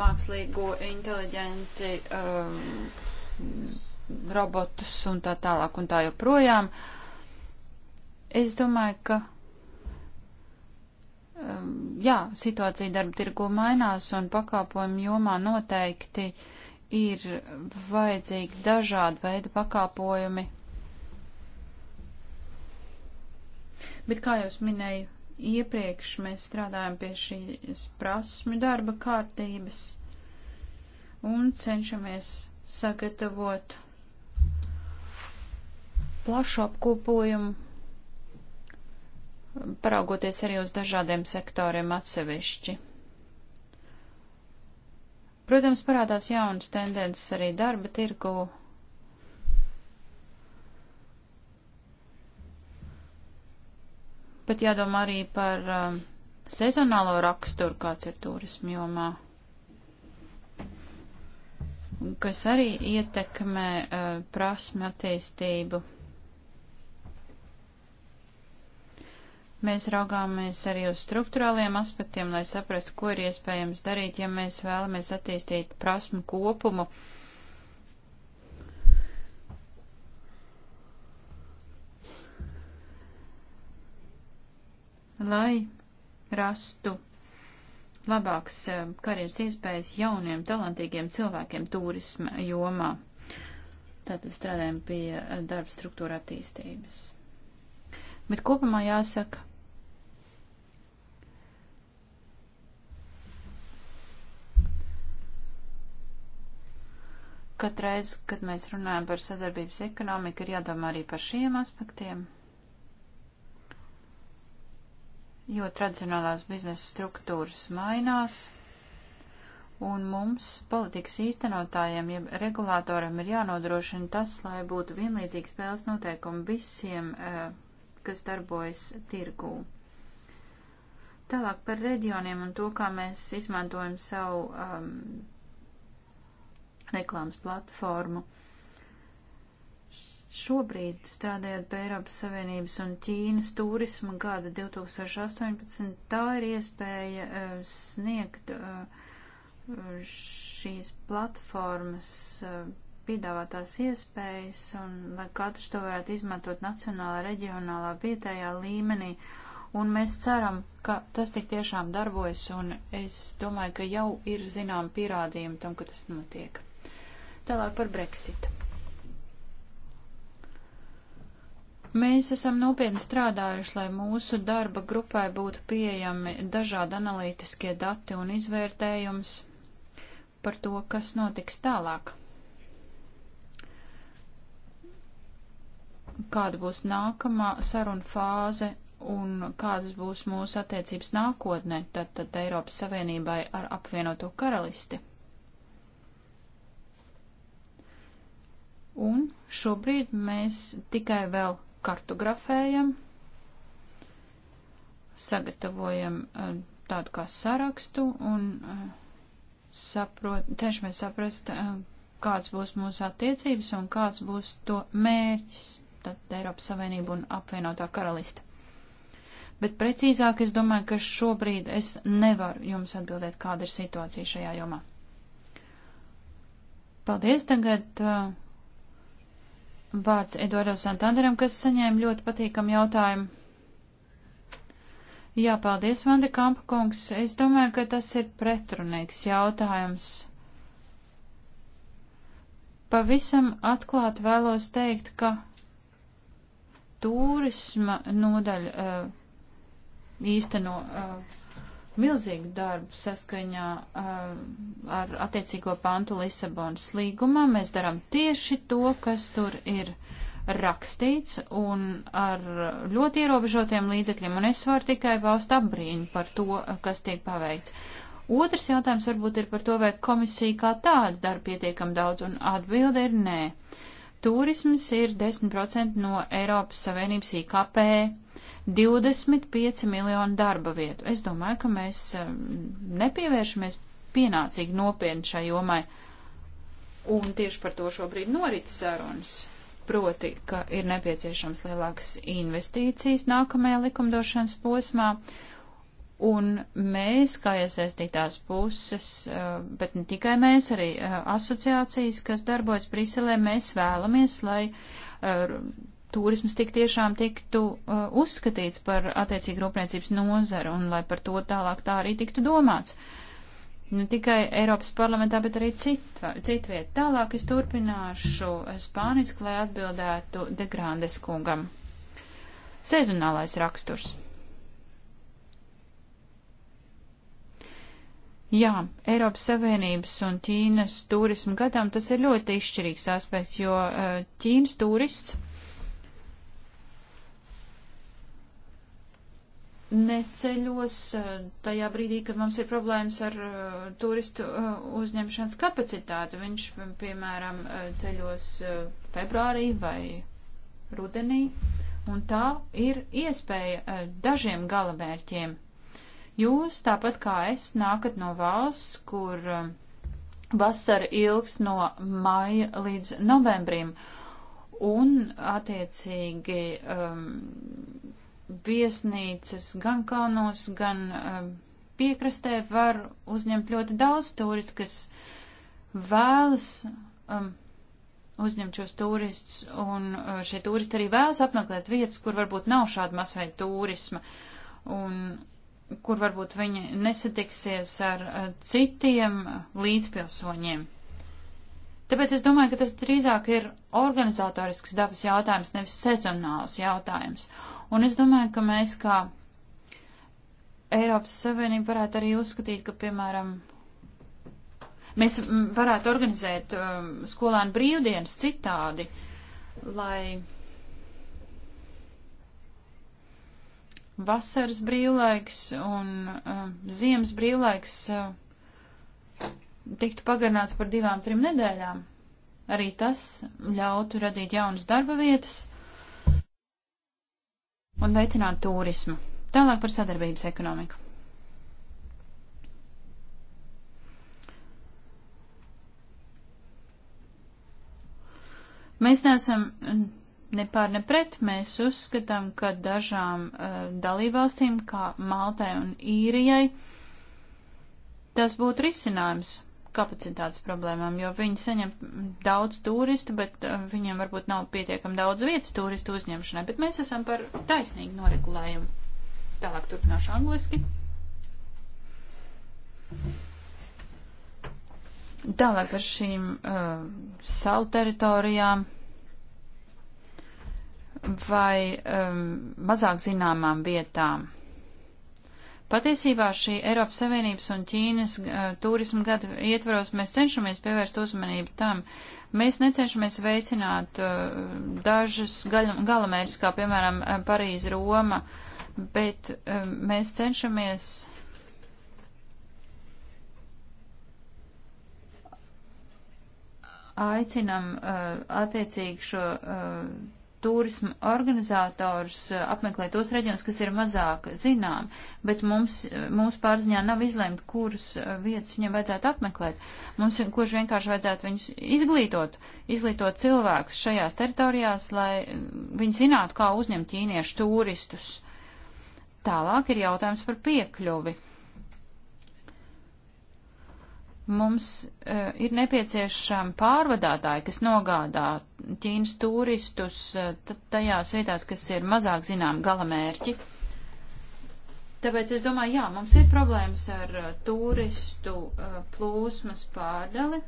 mākslīgo inteliģenci, um, robotus un tā tālāk un tā joprojām. Es domāju, ka Um, jā, situācija darba tirgu mainās un pakāpojumu jomā noteikti ir vajadzīgi dažādi veidi pakāpojumi. Bet, kā jau minēju, iepriekš mēs strādājam pie šīs prasmi darba kārtības un cenšamies sagatavot plašu apkopojumu paraugoties arī uz dažādiem sektoriem atsevišķi. Protams, parādās jaunas tendences arī darba tirgū. Bet jādomā arī par um, sezonālo raksturu, kāds ir turismu jomā, kas arī ietekmē uh, prasme attīstību. Mēs raugāmies arī uz struktūrāliem aspektiem, lai saprastu, ko ir iespējams darīt, ja mēs vēlamies attīstīt prasmu kopumu. Lai rastu labākas eh, karjeras iespējas jauniem, talantīgiem cilvēkiem turisma jomā. Tātad strādājam pie eh, darba struktūra attīstības. Bet kopumā jāsaka, Katreiz, kad mēs runājam par sadarbības ekonomiku, ir jādomā arī par šiem aspektiem, jo tradicionālās biznesa struktūras mainās, un mums, politikas īstenotājiem, jeb ja regulātoram, ir jānodrošina tas, lai būtu vienlīdzīgi spēles noteikumi visiem, eh, kas darbojas tirgū. Tālāk par reģioniem un to, kā mēs izmantojam savu um, reklāmas platformu. Šobrīd strādājot pie Eiropas Savienības un Ķīnas turisma gada 2018, tā ir iespēja uh, sniegt uh, šīs platformas uh, piedāvātās iespējas un lai katrs to varētu izmantot nacionālā, reģionālā, vietējā līmenī. Un mēs ceram, ka tas tik tiešām darbojas un es domāju, ka jau ir zinām pierādījumi tam, ka tas notiek. Tālāk par Brexit. Mēs esam nopietni strādājuši, lai mūsu darba grupai būtu pieejami dažādi analītiskie dati un izvērtējums par to, kas notiks tālāk. Kāda būs nākamā saruna fāze un kādas būs mūsu attiecības nākotnē, tad, tad Eiropas Savienībai ar apvienoto karalisti. Un šobrīd mēs tikai vēl kartografējam, sagatavojam eh, tādu kā sarakstu un eh, saprot, cenšamies saprast, eh, kāds būs mūsu attiecības un kāds būs to mērķis, tad Eiropas Savienība un apvienotā karalista. Bet precīzāk es domāju, ka šobrīd es nevaru jums atbildēt, kāda ir situācija šajā jomā. Paldies tagad. Uh, Vārds Eduardo Santanderam, kas saņēma ļoti patīkamu jautājumu. Jā, paldies, Vanda Kampkungs. Es domāju, ka tas ir pretrunīgs jautājums. Pavisam atklāt vēlos teikt, ka turisma nodaļa uh, īsteno uh, milzīgu darbu saskaņā uh, ar attiecīgo pantu Lisabonas līgumā. Mēs darām tieši to, kas tur ir rakstīts un ar ļoti ierobežotiem līdzekļiem, un es varu tikai paust apbrīņu par to, kas tiek paveikts. Otrs jautājums varbūt ir par to, vai komisija kā tāda dara pietiekam daudz, un atbilde ir nē. Turisms ir 10% no Eiropas Savienības IKP. Uh, 25 miljonu darba vietu. Es domāju, ka mēs eh, nepievēršamies pienācīgi nopietni šai jomai. Un tieši par to šobrīd norit sarunas. Proti, ka ir nepieciešams lielākas investīcijas nākamajā likumdošanas posmā. Un mēs, kā iesaistītās puses, eh, bet ne tikai mēs, arī eh, asociācijas, kas darbojas Briselē, mēs vēlamies, lai turismas tik tiešām tiktu uh, uzskatīts par attiecīgu rūpniecības nozaru un lai par to tālāk tā arī tiktu domāts. Ne nu, tikai Eiropas parlamentā, bet arī citviet. Tālāk es turpināšu spāniski, lai atbildētu De Grandes kungam. Sezonālais raksturs. Jā, Eiropas Savienības un Ķīnas turismu gadām tas ir ļoti izšķirīgs aspekts, jo uh, Ķīnas turists neceļos eh, tajā brīdī, kad mums ir problēmas ar eh, turistu eh, uzņemšanas kapacitāti. Viņš, piemēram, ceļos februārī vai rudenī, un tā ir iespēja dažiem galamērķiem. Jūs, tāpat kā es, nākat no valsts, kur vasara ilgs no maija līdz novembrim, un, attiecīgi, um, viesnīcas gan kalnos, gan um, piekrastē var uzņemt ļoti daudz turistu, kas vēlas um, uzņemt šos turistus, un uh, šie turisti arī vēlas apmeklēt vietas, kur varbūt nav šāda masveida turisma, un kur varbūt viņi nesatiksies ar uh, citiem līdzpilsoņiem. Tāpēc es domāju, ka tas drīzāk ir organizatorisks dabas jautājums, nevis sezonāls jautājums. Un es domāju, ka mēs kā Eiropas Savienība varētu arī uzskatīt, ka, piemēram, mēs varētu organizēt um, skolēnu brīvdienas citādi, lai vasaras brīvlaiks un uh, ziemas brīvlaiks uh, tiktu pagarināts par divām, trim nedēļām. Arī tas ļautu radīt jaunas darba vietas un veicināt turismu. Tālāk par sadarbības ekonomiku. Mēs neesam ne pār ne pret, mēs uzskatām, ka dažām uh, dalībvalstīm, kā Maltai un Īrijai, tas būtu risinājums kapacitātes problēmām, jo viņi saņem daudz turistu, bet uh, viņiem varbūt nav pietiekam daudz vietas turistu uzņemšanai, bet mēs esam par taisnīgu noregulējumu. Tālāk turpināšu angliski. Tālāk par šīm uh, salu teritorijām vai um, mazāk zināmām vietām. Patiesībā šī Eiropas Savienības un Ķīnas uh, turismu gada ietvaros mēs cenšamies pievērst uzmanību tam. Mēs necenšamies veicināt uh, dažus galamērķus, kā piemēram Parīz, Roma, bet uh, mēs cenšamies. Aicinam uh, attiecīgi šo uh, turisma organizatorus eh, apmeklē tos reģionus, kas ir mazāk zinām, bet mums, eh, mūsu pārziņā nav izlēmt, kuras eh, vietas viņiem vajadzētu apmeklēt. Mums kurš vienkārši vajadzētu viņus izglītot, izglītot cilvēkus šajās teritorijās, lai viņi zinātu, kā uzņemt ķīniešu turistus. Tālāk ir jautājums par piekļuvi. Mums uh, ir nepieciešami pārvadātāji, kas nogādā Ķīnas turistus uh, tajās vietās, kas ir mazāk zinām galamērķi. Tāpēc es domāju, jā, mums ir problēmas ar uh, turistu uh, plūsmas pārdali.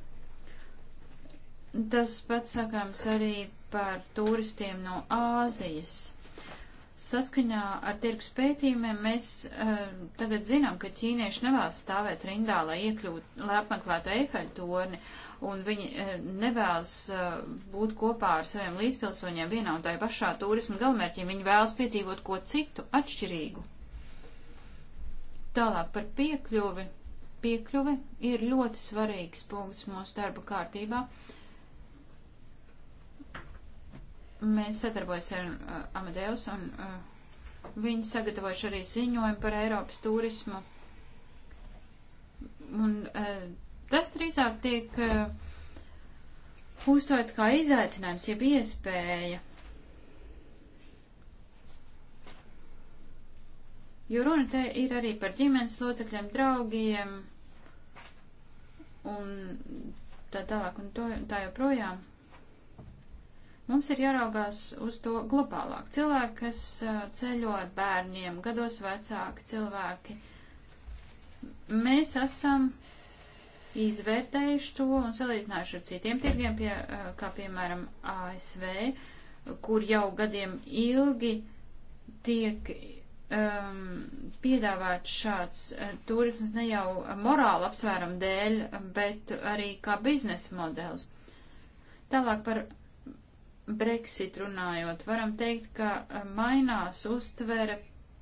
Tas pats sakāms arī par turistiem no Āzijas. Saskaņā ar tirgus pētījumiem mēs uh, tagad zinām, ka ķīnieši nevēlas stāvēt rindā, lai iekļūtu, lai apmeklētu Eifeļu torni, un viņi uh, nevēlas uh, būt kopā ar saviem līdzpilsoņiem vienā un tajā pašā turismu galvenmērķī, viņi vēlas piedzīvot ko citu, atšķirīgu. Tālāk par piekļuvi. Piekļuvi ir ļoti svarīgs punkts mūsu darba kārtībā. Uh, Mēs sadarbojas ar uh, Amadeus un uh, viņi sagatavojuši arī ziņojumu par Eiropas turismu. Un uh, tas drīzāk tiek uh, uztvērts kā izaicinājums, jeb iespēja. Jo runa te ir arī par ģimenes locekļiem, draugiem un tā tālāk un to, tā joprojām. Mums ir jāraugās uz to globālāk. Cilvēki, kas ceļo ar bērniem, gados vecāki cilvēki, mēs esam izvērtējuši to un salīdzinājuši ar citiem tirgiem, pie, kā piemēram ASV, kur jau gadiem ilgi tiek um, piedāvāts šāds turisms ne jau morāla apsvērumu dēļ, bet arī kā biznesa modelis. Tālāk par Brexit runājot, varam teikt, ka eh, mainās uztvere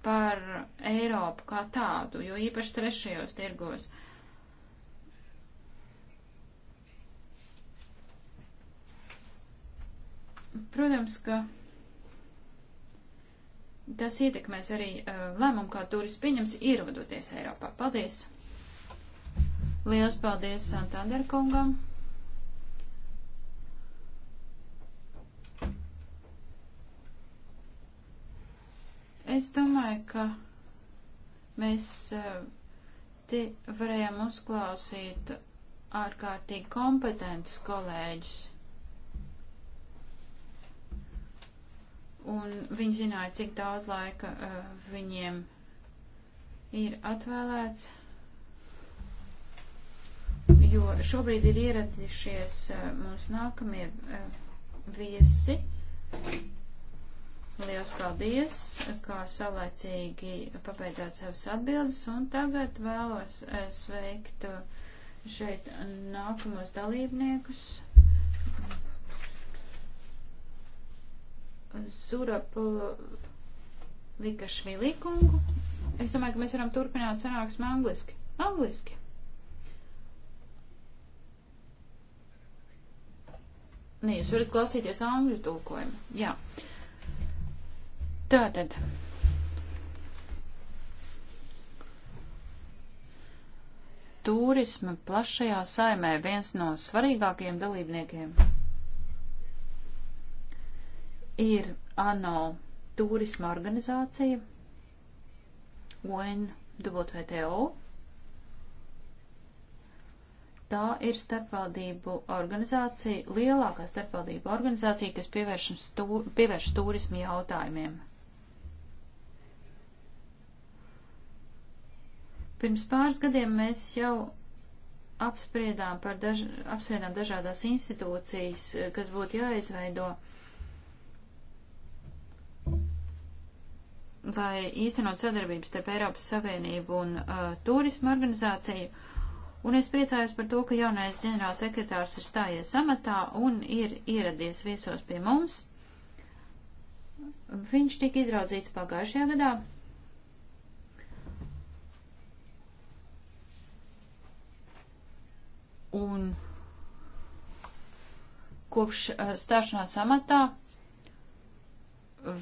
par Eiropu kā tādu, jo īpaši trešajos tirgos. Protams, ka tas ietekmēs arī uh, lēmumu, kā turis pieņems, ierodoties Eiropā. Paldies! Lielas paldies Santanderkungam! Es domāju, ka mēs eh, te varējām uzklausīt ārkārtīgi kompetentus kolēģus. Un viņi zināja, cik daudz laika uh, viņiem ir atvēlēts, jo šobrīd ir ieradušies uh, mūsu nākamie uh, viesi. Liels paldies, kā saulēcīgi pabeidzāt savas atbildes, un tagad vēlos eh, sveikt eh, šeit nākamos dalībniekus. Zurapu Likašvili kungu. Es domāju, ka mēs varam turpināt sanāksmi angliski. Angliski. Nē, jūs varat klausīties angļu tulkojumu. Jā. Uh, Tātad. Turisma plašajā saimē viens no svarīgākajiem dalībniekiem ir ANO turisma organizācija UNWTO. Tā ir starpvaldību organizācija, lielākā starpvaldību organizācija, kas pievērš, stūr, pievērš turismu jautājumiem. Pirms pāris gadiem mēs jau apspriedām, par daž, apspriedām dažādās institūcijas, kas būtu jāizveido, lai īstenot sadarbības starp Eiropas Savienību un uh, turisma organizāciju. Un es priecājos par to, ka jaunais ģenerālsekretārs ir stājies amatā un ir ieradies viesos pie mums. Viņš tika izraudzīts pagājušajā gadā, Un kopš eh, stāšanās amatā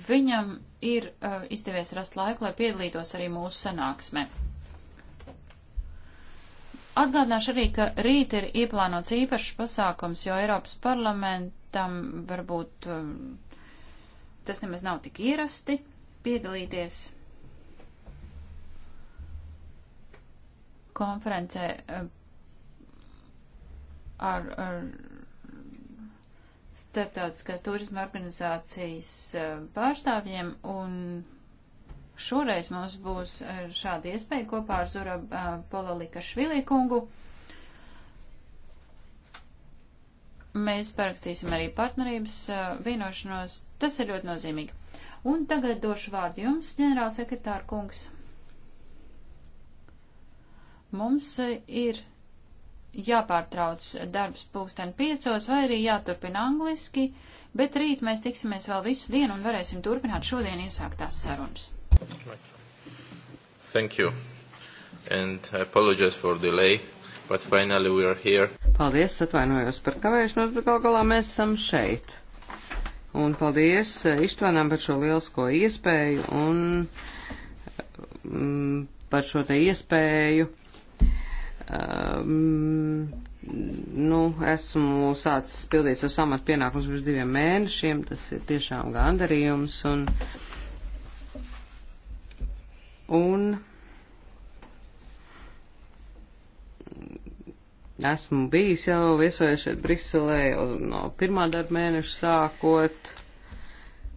viņam ir uh, izdevies rast laiku, lai piedalītos arī mūsu sanāksmē. Atgādināšu arī, ka rīt ir ieplānots īpašs pasākums, jo Eiropas parlamentam varbūt um, tas nemaz nav tik ierasti piedalīties konferencē ar, ar starptautiskās turisma organizācijas eh, pārstāvjiem, un šoreiz mums būs eh, šāda iespēja kopā ar Zura eh, Polalika Švilikungu. Mēs parakstīsim arī partnerības vienošanos. Tas ir ļoti nozīmīgi. Un tagad došu vārdu jums, ģenerālsekretāra kungs. Mums ir jāpārtrauc darbs pulksten piecos vai arī jāturpina angliski, bet rīt mēs tiksimies vēl visu dienu un varēsim turpināt šodien iesāktās sarunas. Thank you. And I apologize for delay, but finally we are here. Paldies, atvainojos par kavēšanos, bet gal galā mēs esam šeit. Un paldies eh, Ištvanam par šo lielisko iespēju un mm, par šo te iespēju Um, nu, esmu sācis pildīt savu samatu pienākumus pirms diviem mēnešiem, tas ir tiešām gandarījums un, un esmu bijis jau viesojies šeit Briselē no pirmā darba mēneša sākot.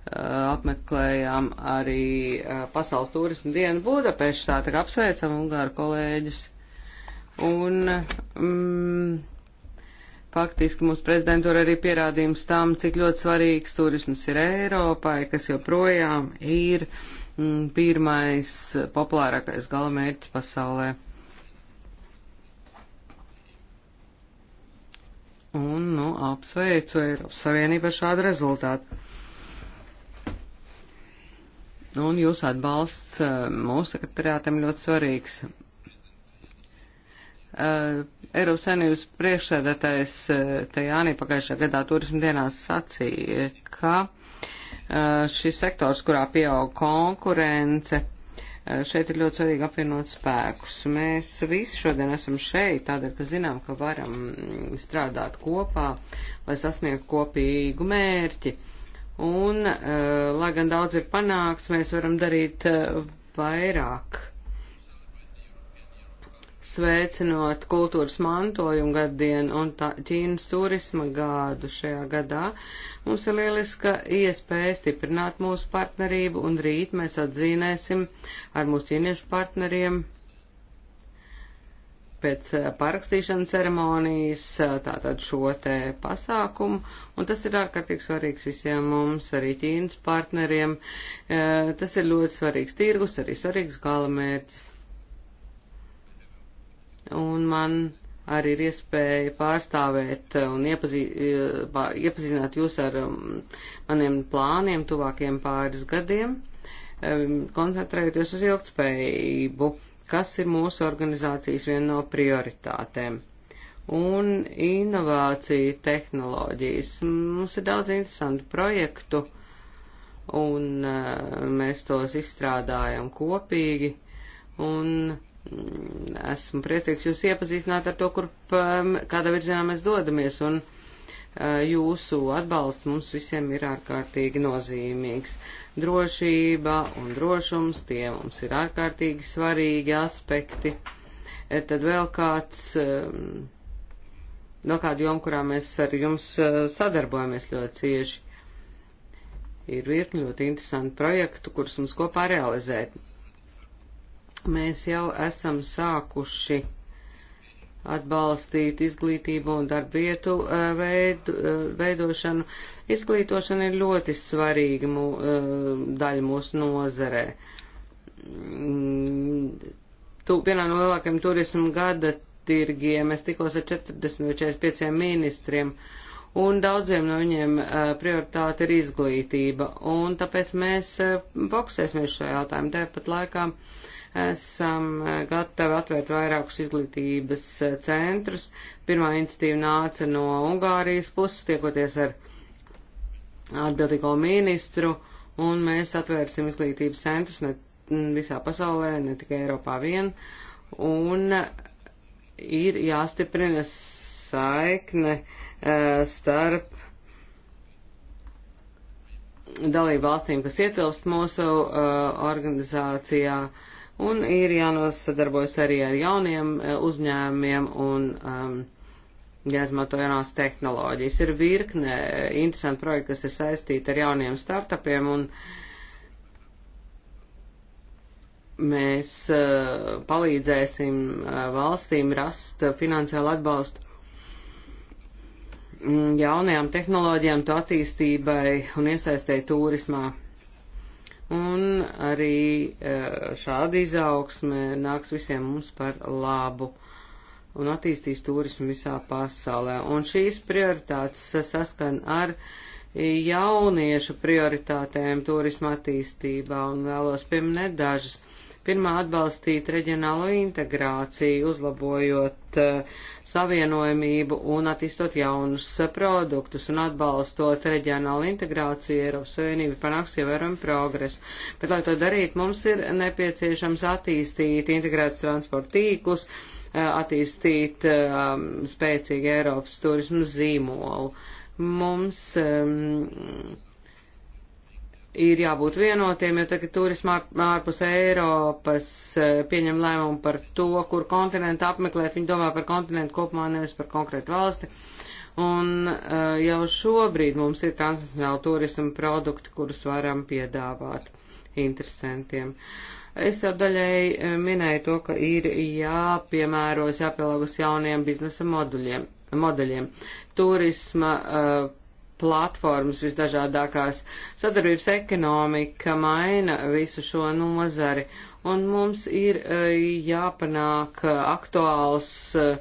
Ehm, apmeklējām arī ehm, Pasaules turismu dienu Budapeštā, tā kā apsveicam Ungāru kolēģus Un mm, faktiski mūsu prezidentūra arī pierādījums tam, cik ļoti svarīgs turisms ir Eiropai, kas joprojām ir mm, pirmais populārākais galamērķis pasaulē. Un, nu, apsveicu Eiropas Savienību ar šādu rezultātu. Un jūsu atbalsts eh, mūsu sekretariātam ļoti svarīgs. Eh, Eiropas Savienības priekšsēdētājs eh, Tajānī pagājušajā gadā turismu dienās sacīja, ka eh, šis sektors, kurā pieaug konkurence, šeit ir ļoti svarīgi apvienot spēkus. Mēs visi šodien esam šeit, tādēļ, ka zinām, ka varam mm, strādāt kopā, lai sasniegtu kopīgu mērķi. Un, lai gan daudz ir panāks, mēs varam darīt vairāk sveicinot kultūras mantojumu gadienu un tā, Ķīnas turisma gādu šajā gadā. Mums ir lieliska iespēja stiprināt mūsu partnerību, un rīt mēs atzīmēsim ar mūsu ķīniešu partneriem pēc eh, parakstīšanas ceremonijas eh, tātad šo te pasākumu, un tas ir ārkārtīgi svarīgs visiem mums, arī Ķīnas partneriem. Eh, tas ir ļoti svarīgs tirgus, arī svarīgs galamērķis un man arī ir iespēja pārstāvēt eh, un iepazī, eh, iepazīstināt jūs ar um, maniem plāniem tuvākiem pāris gadiem, um, koncentrējoties uz ilgtspējību, kas ir mūsu organizācijas viena no prioritātēm. Un inovācija tehnoloģijas. Mums ir daudz interesantu projektu, un eh, mēs tos izstrādājam kopīgi, un Mm, esmu priecīgs jūs iepazīstināt ar to, kur kādā virzienā mēs dodamies, un jūsu atbalsts mums visiem ir ārkārtīgi nozīmīgs. Drošība un drošums, tie mums ir ārkārtīgi svarīgi aspekti. E, tad vēl kāds, vēl kādu jomu, kurā mēs ar jums sadarbojamies ļoti cieši. Ir virkni ļoti interesanti projektu, kurus mums kopā realizēt. Mēs jau esam sākuši atbalstīt izglītību un darbvietu eh, veidu, eh, veidošanu. Izglītošana ir ļoti svarīga mū, eh, daļa mūsu nozarē. Mm, tu, vienā no lielākajiem turismu gada tirgiem es tikos ar 40 vai 45 ministriem un daudziem no viņiem uh, prioritāte ir izglītība, un tāpēc mēs uh, fokusēsimies šajā jautājumā. Tāpat laikā esam eh, gatavi atvērt vairākus izglītības eh, centrus. Pirmā institīva nāca no Ungārijas puses, tiekoties ar atbildīgo ministru, un mēs atvērsim izglītības centrus ne visā pasaulē, ne tikai Eiropā vien, un eh, ir jāstiprina saikne starp dalību valstīm, kas ietilpst mūsu uh, organizācijā, uh, un ir jānosadarbojas arī ar jauniem e, uzņēmumiem un um, jāizmanto jaunās tehnoloģijas. Ir virkne e, interesanti projekti, kas ir saistīti ar jauniem startupiem un mēs uh, palīdzēsim uh, valstīm rast finansiālu atbalstu mm, jaunajām tehnoloģijām, to attīstībai un iesaistē turismā un arī eh, šāda izaugsme nāks visiem mums par labu un attīstīs turismu visā pasaulē. Un šīs prioritātes saskan ar jauniešu prioritātēm turisma attīstībā un vēlos pieminēt dažas. Pirmā atbalstīt reģionālo integrāciju, uzlabojot uh, eh, savienojumību un attīstot jaunus uh, produktus un atbalstot reģionālu integrāciju, Eiropas Savienība panāks ievērojumu progresu. Bet, lai to darītu, mums ir nepieciešams attīstīt integrētas transporta tīklus, uh, attīstīt spēcīgu Eiropas turismu zīmolu. Mums um, ir jābūt vienotiem, jo tagad turismā ārpus Eiropas eh, pieņem lēmumu par to, kur kontinentu apmeklēt. Viņi domā par kontinentu kopumā, nevis par konkrētu valsti. Un eh, jau šobrīd mums ir transnacionāla turisma produkti, kurus varam piedāvāt interesantiem. Es jau daļēji eh, minēju to, ka ir jāpiemēros, jāpielāgos jauniem biznesa moduļiem, modeļiem. Turisma uh, platformas visdažādākās. Sadarbības ekonomika maina visu šo nozari, un mums ir eh, jāpanāk eh, aktuāls eh,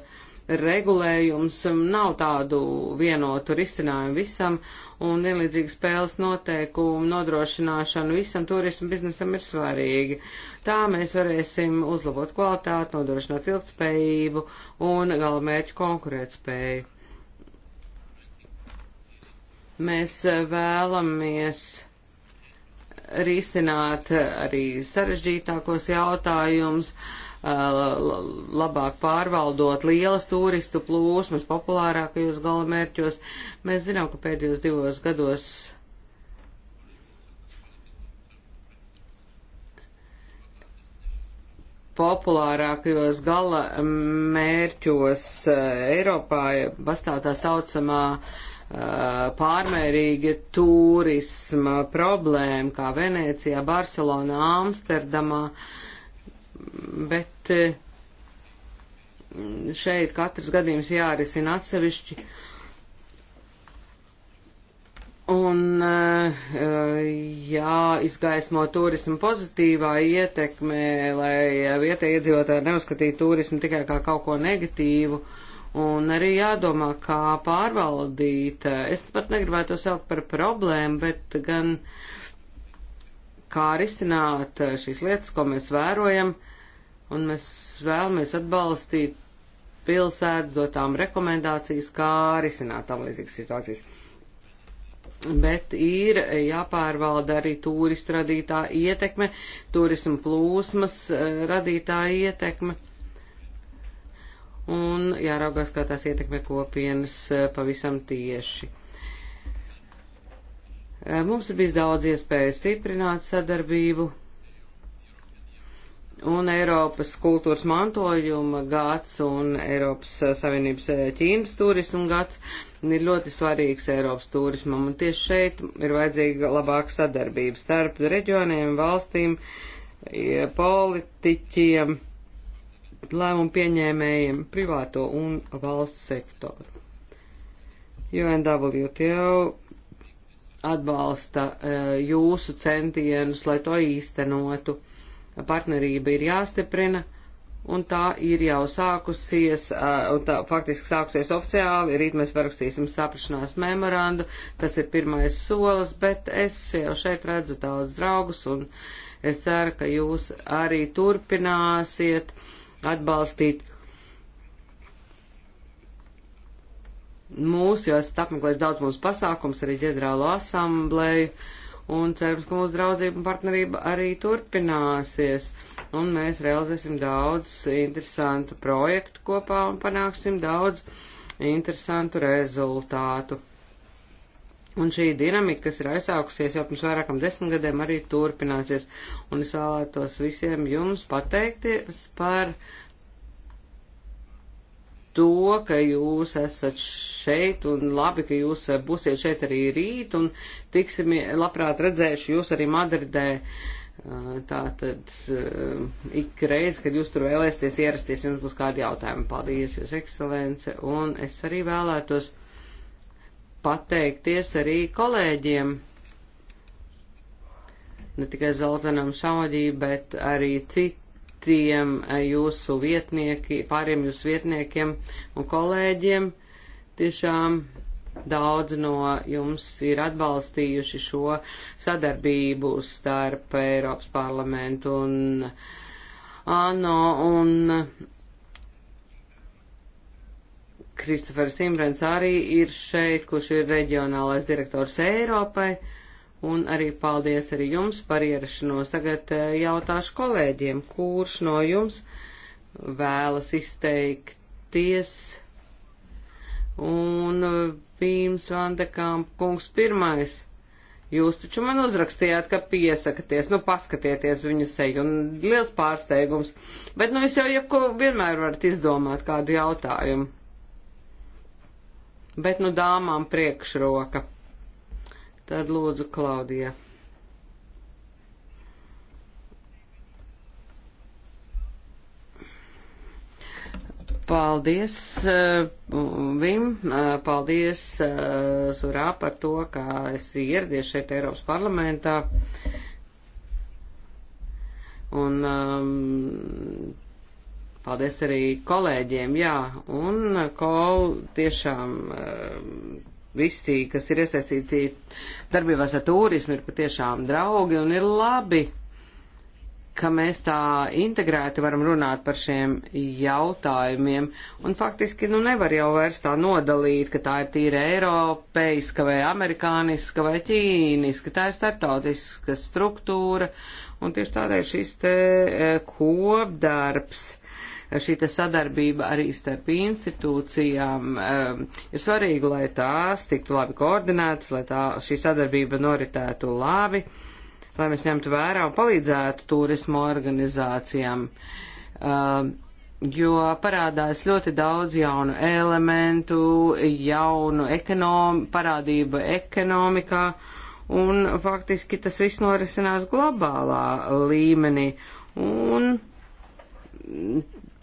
regulējums, nav tādu vienotu risinājumu visam, un vienlīdzīgi spēles noteikumu nodrošināšanu visam turismu biznesam ir svarīgi. Tā mēs varēsim uzlabot kvalitāti, nodrošināt ilgtspējību un galamērķu konkurētspēju. Mēs e, vēlamies risināt e, arī sarežģītākos jautājumus, e, labāk pārvaldot lielas turistu plūsmas populārākajos galamērķos. Mēs zinām, ka pēdējos divos gados populārākajos gala mērķos Eiropā pastāv tā saucamā uh, Eh, pārmērīgi turisma problēma, kā Venecijā, Barcelonā, Amsterdamā, bet eh, šeit katrs gadījums jārisina atsevišķi. Un eh, jāizgaismo turismu pozitīvā ietekmē, lai vietējie iedzīvotāji neuzskatītu turismu tikai kā kaut ko negatīvu. Uh, Un arī jādomā, kā pārvaldīt. Es pat negribētu to saukt par problēmu, bet gan kā risināt šīs lietas, ko mēs vērojam, un mēs vēlamies atbalstīt pilsētas, dotām rekomendācijas, kā risināt tam līdzīgas situācijas. Bet ir jāpārvalda arī turistu radītā ietekme, turismu plūsmas eh, radītā ietekme un jāraugās, kā tās ietekmē kopienas eh, pavisam tieši. Eh, mums ir bijis daudz iespēju stiprināt sadarbību, un Eiropas kultūras mantojuma gads un Eiropas eh, Savienības Ķīnas turismu gads ir ļoti svarīgs Eiropas turismam, un tieši šeit ir vajadzīga labāka sadarbība starp reģioniem, valstīm, politiķiem lēmumu pieņēmējiem privāto un valsts sektoru. UNWTO atbalsta e, jūsu centienus, lai to īstenotu. Partnerība ir jāstiprina, un tā ir jau sākusies, e, un tā faktiski sāksies oficiāli. Rīt mēs parakstīsim saprašanās memorandu, tas ir pirmais solis, bet es jau šeit redzu daudz draugus, un es ceru, ka jūs arī turpināsiet uh, atbalstīt mūs, jo esat apmeklējis daudz mūsu pasākums, arī ģenerālo asamblēju, un cerams, ka mūsu draudzība un partnerība arī turpināsies, un mēs realizēsim daudz interesantu projektu kopā un panāksim daudz interesantu rezultātu. Un šī dinamika, kas ir aizsākusies jau pirms vairākam desmitgadēm, arī turpināsies. Un es vēlētos visiem jums pateikties par to, ka jūs esat šeit un labi, ka jūs būsiet šeit arī rīt un tiksim, labprāt redzēšu jūs arī Madridē. Uh, Tātad uh, ik reiz, kad jūs tur vēlēsieties ierasties, jums būs kādi jautājumi. Paldies, jūs ekscelence, un es arī vēlētos pateikties arī kolēģiem, ne tikai Zoltanam Šaudī, bet arī citiem eh, jūsu vietnieki, pāriem jūsu vietniekiem un kolēģiem. Tiešām daudz no jums ir atbalstījuši šo sadarbību starp Eiropas parlamentu un ANO un Kristofers Imrens arī ir šeit, kurš ir reģionālais direktors Eiropai, un arī paldies arī jums par ierašanos. Tagad eh, jautāšu kolēģiem, kurš no jums vēlas izteikties. Un eh, Vīms Vandekām kungs pirmais. Jūs taču man uzrakstījāt, ka piesakaties, nu paskatieties viņu seju, un liels pārsteigums. Bet nu jūs jau jebko vienmēr varat izdomāt kādu jautājumu bet nu dāmām priekšroka. Tad lūdzu, Klaudija. Paldies uh, Vim, uh, paldies uh, Zurā par to, ka esi ieradies šeit Eiropas parlamentā. Un um, Paldies arī kolēģiem, jā, un kol tiešām ehm, visi, kas ir iesaistīti darbībās ar turismu, ir patiešām draugi un ir labi, ka mēs tā integrēti varam runāt par šiem jautājumiem. Un faktiski, nu, nevar jau vairs tā nodalīt, ka tā ir tīra eiropeiska vai amerikāniska vai ķīniska, tā ir starptautiska struktūra, un tieši tādēļ šis te eh, kopdarbs šī sadarbība arī starp institūcijām um, ir svarīga, lai tās tiktu labi koordinētas, lai tā, šī sadarbība noritētu labi, lai mēs ņemtu vērā un palīdzētu turismu organizācijām. Um, jo parādās ļoti daudz jaunu elementu, jaunu ekonom, parādību ekonomikā, un faktiski tas viss norisinās globālā līmenī. Un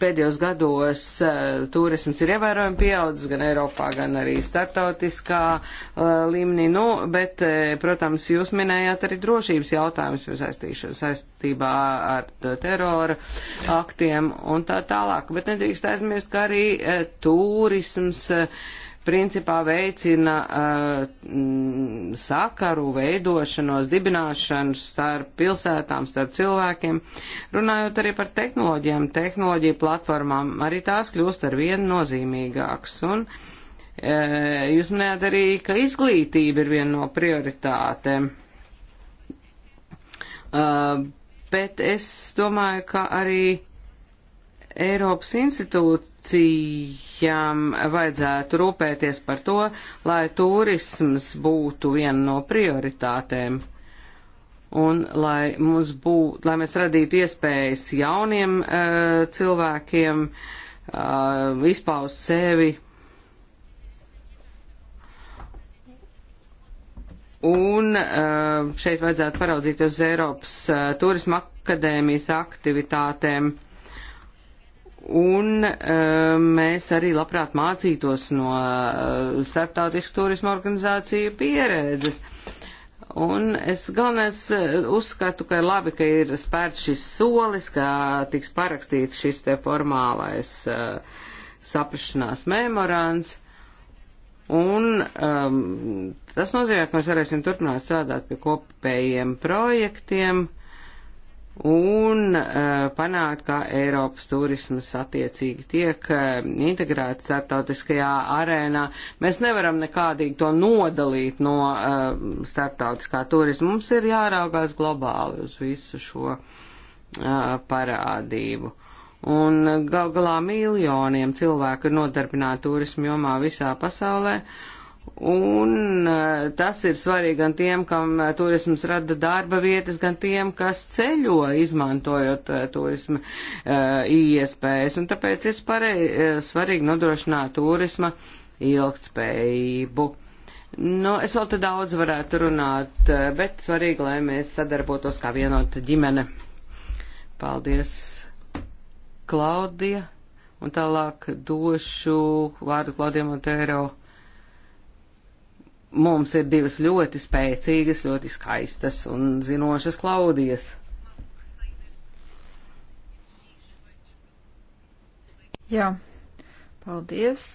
pēdējos gados eh, turisms ir ievērojami pieaudzis gan Eiropā, gan arī startautiskā eh, līmenī. Nu, bet, eh, protams, jūs minējāt arī drošības jautājumus saistībā ar terora aktiem un tā tālāk. Bet nedrīkst aizmirst, ka arī turisms. Uh, principā veicina uh, mm, sakaru veidošanos, dibināšanu starp pilsētām, starp cilvēkiem. Runājot arī par tehnoloģijām, tehnoloģiju platformām, arī tās kļūst ar vienu nozīmīgākas. Un uh, jūs minējāt arī, ka izglītība ir viena no prioritātēm. Uh, bet es domāju, ka arī Eiropas institūts Institūcijām vajadzētu rūpēties par to, lai turisms būtu viena no prioritātēm un lai, mums būtu, lai mēs radītu iespējas jauniem uh, cilvēkiem uh, izpaust sevi Un eh, šeit vajadzētu paraudzīties uz Eiropas Turisma akadēmijas aktivitātēm. Un uh, mēs arī labprāt mācītos no uh, eh, starptautisku turismu organizāciju pieredzes. Un es galvenais eh, uzskatu, ka ir labi, ka ir spērts šis solis, ka tiks parakstīts šis te formālais uh, saprašanās memorands. Un um, tas nozīmē, ka mēs varēsim turpināt strādāt pie kopējiem projektiem. Uh, un uh, panākt, ka Eiropas turismas attiecīgi tiek uh, eh, integrēts starptautiskajā arēnā. Mēs nevaram nekādīgi to nodalīt no uh, starptautiskā turisma. Mums ir jāraugās globāli uz visu šo parādību. Un gal galā miljoniem cilvēku ir nodarbināti turismu jomā visā pasaulē. Uh, Un eh, tas ir svarīgi gan tiem, kam eh, turisms rada darba vietas, gan tiem, kas ceļo, izmantojot eh, turisma uh, iespējas. Un tāpēc ir sparei, svarīgi nodrošināt turisma ilgtspējību. Nu, es vēl te daudz varētu runāt, bet svarīgi, lai mēs sadarbotos kā vienota ģimene. Paldies, Klaudija. Un tālāk došu vārdu Klaudijam Otero. Mums ir divas ļoti spēcīgas, ļoti skaistas un zinošas Klaudijas. Jā, paldies.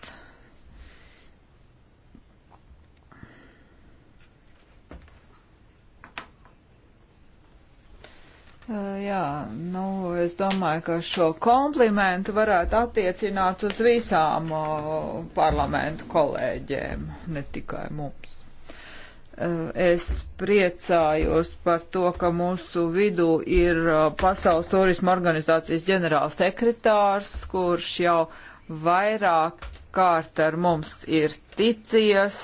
Eh, jā, nu, es domāju, ka šo komplimentu varētu attiecināt uz visām o, eh, parlamentu kolēģiem, ne tikai mums. Eh, es priecājos par to, ka mūsu vidū ir Pasaules turisma organizācijas ģenerālsekretārs, kurš jau vairāk kārt ar mums ir ticies,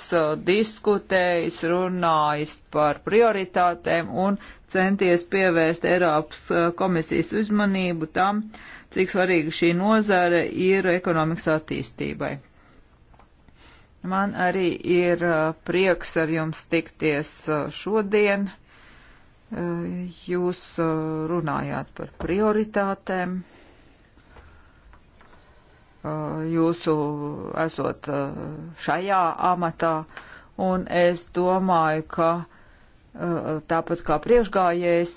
diskutējis, runājis par prioritātēm un centies pievērst Eiropas komisijas uzmanību tam, cik svarīga šī nozare ir ekonomikas attīstībai. Man arī ir prieks ar jums tikties šodien. Jūs runājāt par prioritātēm jūsu esot šajā amatā, un es domāju, ka tāpat kā priekšgājējs,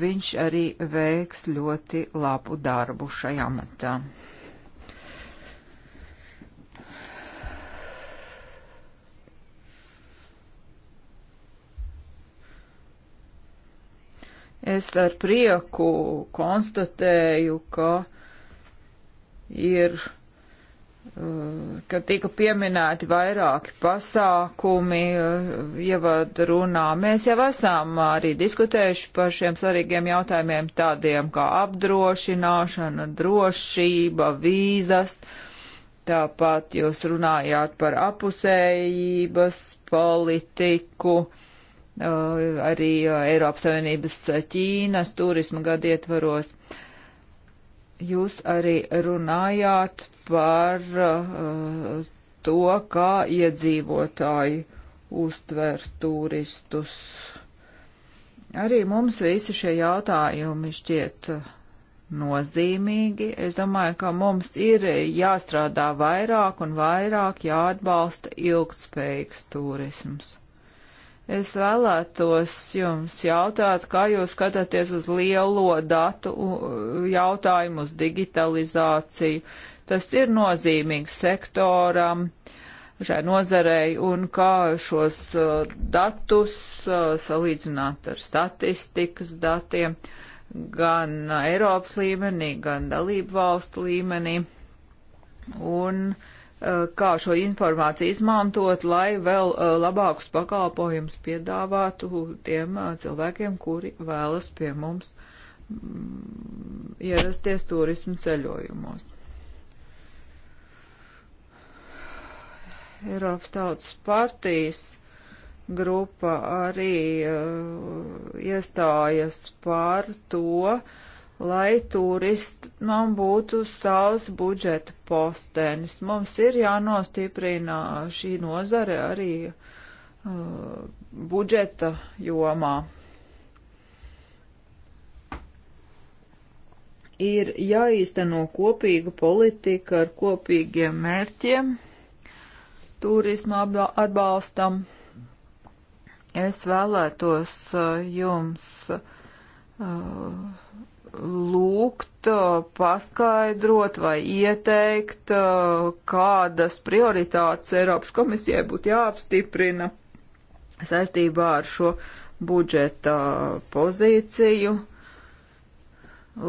viņš arī veiks ļoti labu darbu šajā amatā. Es ar prieku konstatēju, ka uh, ir, eh, ka tika pieminēti vairāki pasākumi, eh, ievad runā. Mēs jau esam arī diskutējuši par šiem svarīgiem jautājumiem tādiem kā apdrošināšana, drošība, vīzas. Tāpat jūs runājāt par apusējības politiku, eh, arī Eiropas Savienības Ķīnas turisma gadu ietvaros jūs arī runājāt par uh, to, kā iedzīvotāji uztver turistus. Arī mums visi šie jautājumi šķiet uh, nozīmīgi. Es domāju, ka mums ir jāstrādā vairāk un vairāk jāatbalsta ilgtspējīgs turisms. Es vēlētos jums jautāt, kā jūs skatāties uz lielo datu jautājumu, uz digitalizāciju. Tas ir nozīmīgs sektoram, šai nozarei, un kā šos uh, datus uh, salīdzināt ar statistikas datiem gan Eiropas līmenī, gan dalību valstu līmenī. Un uh, Eh, kā šo informāciju izmantot, lai vēl eh, labākus pakalpojumus piedāvātu tiem eh, cilvēkiem, kuri vēlas pie mums mm, ierasties turismu ceļojumos. Eiropas tautas partijas grupa arī uh, iestājas par to, uh, lai turistam būtu savs budžeta postenis. Mums ir jānostiprina šī nozare arī uh, budžeta jomā. Ir jāīsteno kopīga politika ar kopīgiem mērķiem turisma atbalstam. Es vēlētos uh, jums uh, lūgt, paskaidrot vai ieteikt, kādas prioritātes Eiropas komisijai būtu jāapstiprina saistībā ar šo budžeta pozīciju,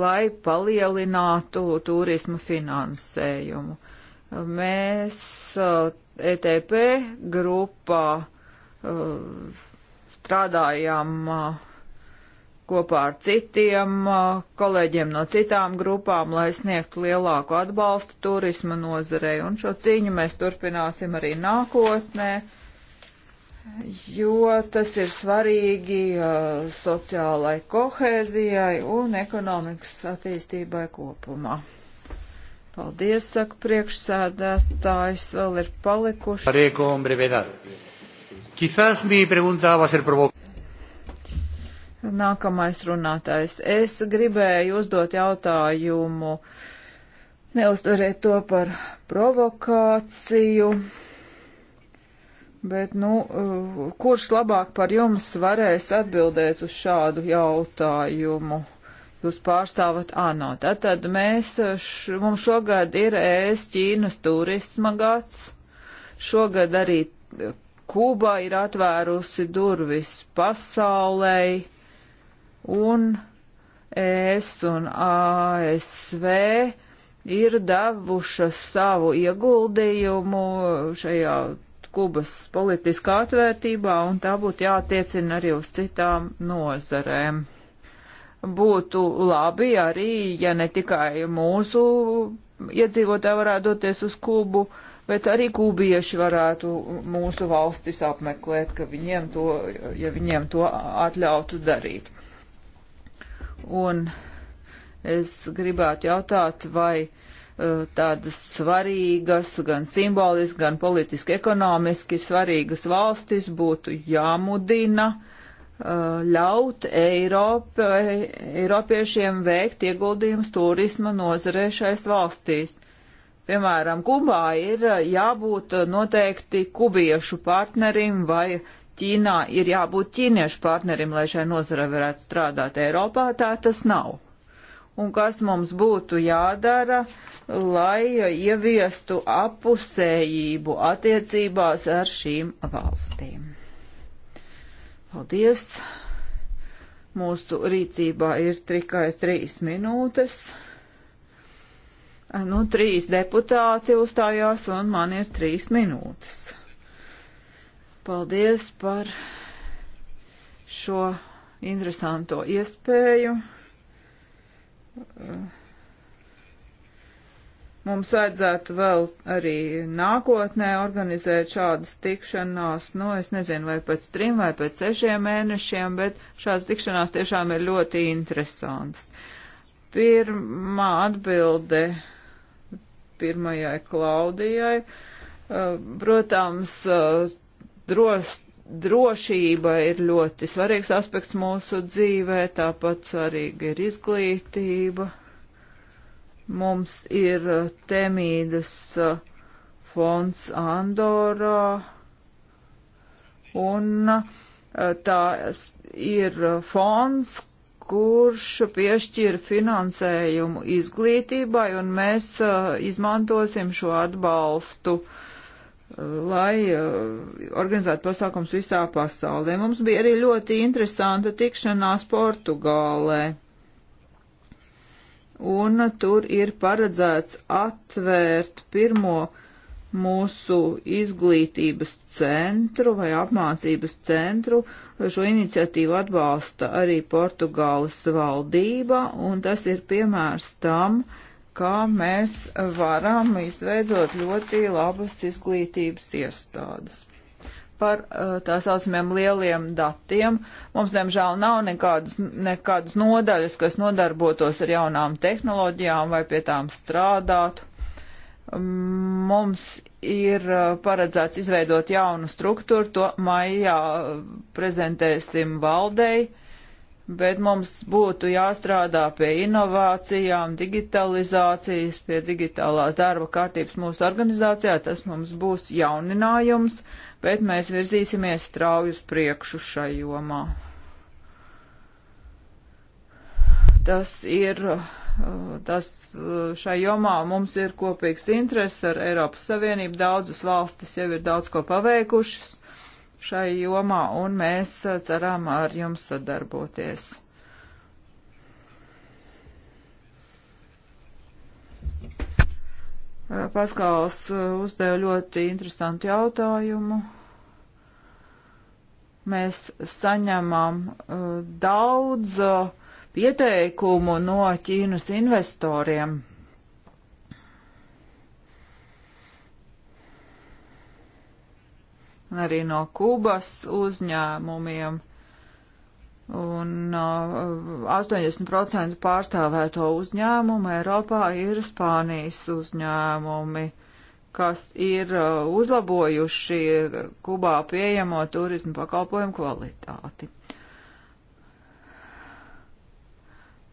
lai palielinātu turismu finansējumu. Mēs ETP grupā strādājām uh, kopā ar citiem kolēģiem no citām grupām, lai sniegtu lielāku atbalstu turisma nozarei. Un šo cīņu mēs turpināsim arī nākotnē, jo tas ir svarīgi uh, sociālai kohēzijai un ekonomikas attīstībai kopumā. Paldies, saka priekšsēdētājs, vēl ir palikuši. Quizás mi pregunta va a ser provocada. Nākamais runātājs. Es gribēju uzdot jautājumu, neuzturēt to par provokāciju, bet, nu, uh, kurš labāk par jums varēs atbildēt uz šādu jautājumu? Jūs pārstāvat ANO. Tātad mēs, uh, š, mums šogad ir ēs Ķīnas turisma gads, šogad arī Kuba ir atvērusi durvis pasaulei un ES un ASV ir devušas savu ieguldījumu šajā Kubas politiskā atvērtībā, un tā būtu jātiecina arī uz citām nozarēm. Būtu labi arī, ja ne tikai mūsu iedzīvotāji varētu doties uz Kubu, bet arī kubieši varētu mūsu valstis apmeklēt, ka viņiem to, ja viņiem to atļautu darīt. Un es gribētu jautāt, vai uh, tādas svarīgas, gan simboliski, gan politiski, ekonomiski svarīgas valstis būtu jāmudina uh, ļaut Eiropai, Eiropiešiem veikt ieguldījumus turisma nozarē šais valstīs. Piemēram, Kubā ir uh, jābūt uh, noteikti kubiešu partnerim vai uh, Ķīnā ir jābūt ķīniešu partnerim, lai šai nozara varētu strādāt Eiropā, tā tas nav. Un kas mums būtu jādara, lai ieviestu apusējību attiecībās ar šīm valstīm? Paldies! Mūsu rīcībā ir tikai trīs minūtes. Nu, trīs deputāti uzstājās, un man ir trīs minūtes. Paldies par šo interesanto iespēju. Mums vajadzētu vēl arī nākotnē organizēt šādas tikšanās, nu, es nezinu, vai pēc trim vai pēc sešiem mēnešiem, bet šādas tikšanās tiešām ir ļoti interesantas. Pirmā atbilde pirmajai Klaudijai, protams, Dros, drošība ir ļoti svarīgs aspekts mūsu dzīvē, tāpat svarīga ir izglītība. Mums ir uh, temīdas uh, fonds Andorā un uh, tā ir fonds, kurš piešķir finansējumu izglītībai, un mēs uh, izmantosim šo atbalstu uh, lai eh, organizētu pasākums visā pasaulē. Mums bija arī ļoti interesanta tikšanās Portugālē. Un tur ir paredzēts atvērt pirmo mūsu izglītības centru vai apmācības centru. Šo iniciatīvu atbalsta arī Portugāles valdība, un tas ir piemērs tam, uh, kā mēs varam izveidot ļoti labas izglītības iestādes. Par eh, tā saucamiem lieliem datiem mums, diemžēl, nav nekādas, nekādas nodaļas, kas nodarbotos ar jaunām tehnoloģijām vai pie tām strādātu. Mums ir eh, paredzēts izveidot jaunu struktūru, to maijā prezentēsim valdei. Uh, bet mums būtu jāstrādā pie inovācijām, digitalizācijas, pie digitālās darba kārtības mūsu organizācijā. Tas mums būs jauninājums, bet mēs virzīsimies strauju uz priekšu šai jomā. Tas ir, tas šai jomā mums ir kopīgs interesi ar Eiropas Savienību. Daudzas valstis jau ir daudz ko paveikušas šai jomā, un mēs uh, ceram ar jums sadarboties. Uh, Paskāls uh, uzdeva ļoti interesantu jautājumu. Mēs saņemam daudz pieteikumu no Ķīnas investoriem. un arī no Kubas uzņēmumiem. Un uh, 80% pārstāvēto uzņēmumu Eiropā ir Spānijas uzņēmumi, kas ir uh, uzlabojuši Kubā pieejamo turismu pakalpojumu kvalitāti.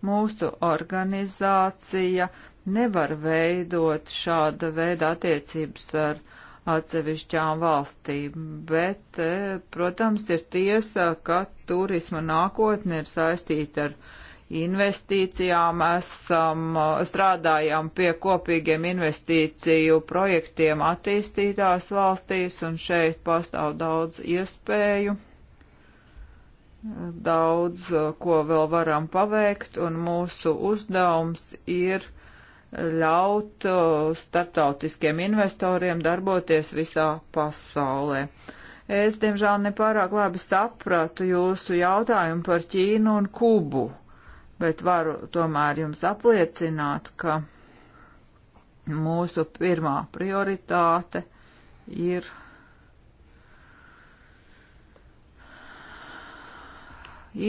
Mūsu organizācija nevar veidot šāda veida attiecības ar uh, atsevišķām valstīm, bet, eh, protams, ir tiesa, ka turisma nākotne ir saistīta ar investīcijām, esam, eh, strādājam pie kopīgiem investīciju projektiem attīstītās valstīs, un šeit pastāv daudz iespēju, eh, daudz, ko vēl varam paveikt, un mūsu uzdevums ir ļaut uh, starptautiskiem investoriem darboties visā pasaulē. Es, diemžēl, nepārāk labi sapratu jūsu jautājumu par Ķīnu un Kubu, bet varu tomēr jums apliecināt, ka mūsu pirmā prioritāte ir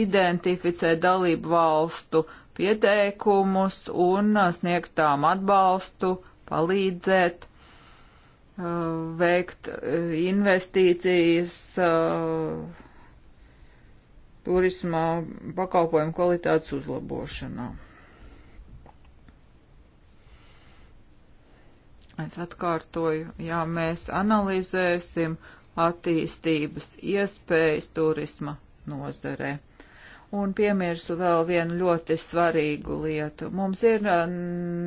identificēt dalību valstu pieteikumus un uh, sniegtām atbalstu, palīdzēt uh, veikt uh, investīcijas uh, turismā pakalpojumu kvalitātes uzlabošanā. Es atkārtoju, jā, mēs analizēsim attīstības iespējas turisma nozarē un piemirstu vēl vienu ļoti svarīgu lietu. Mums ir uh,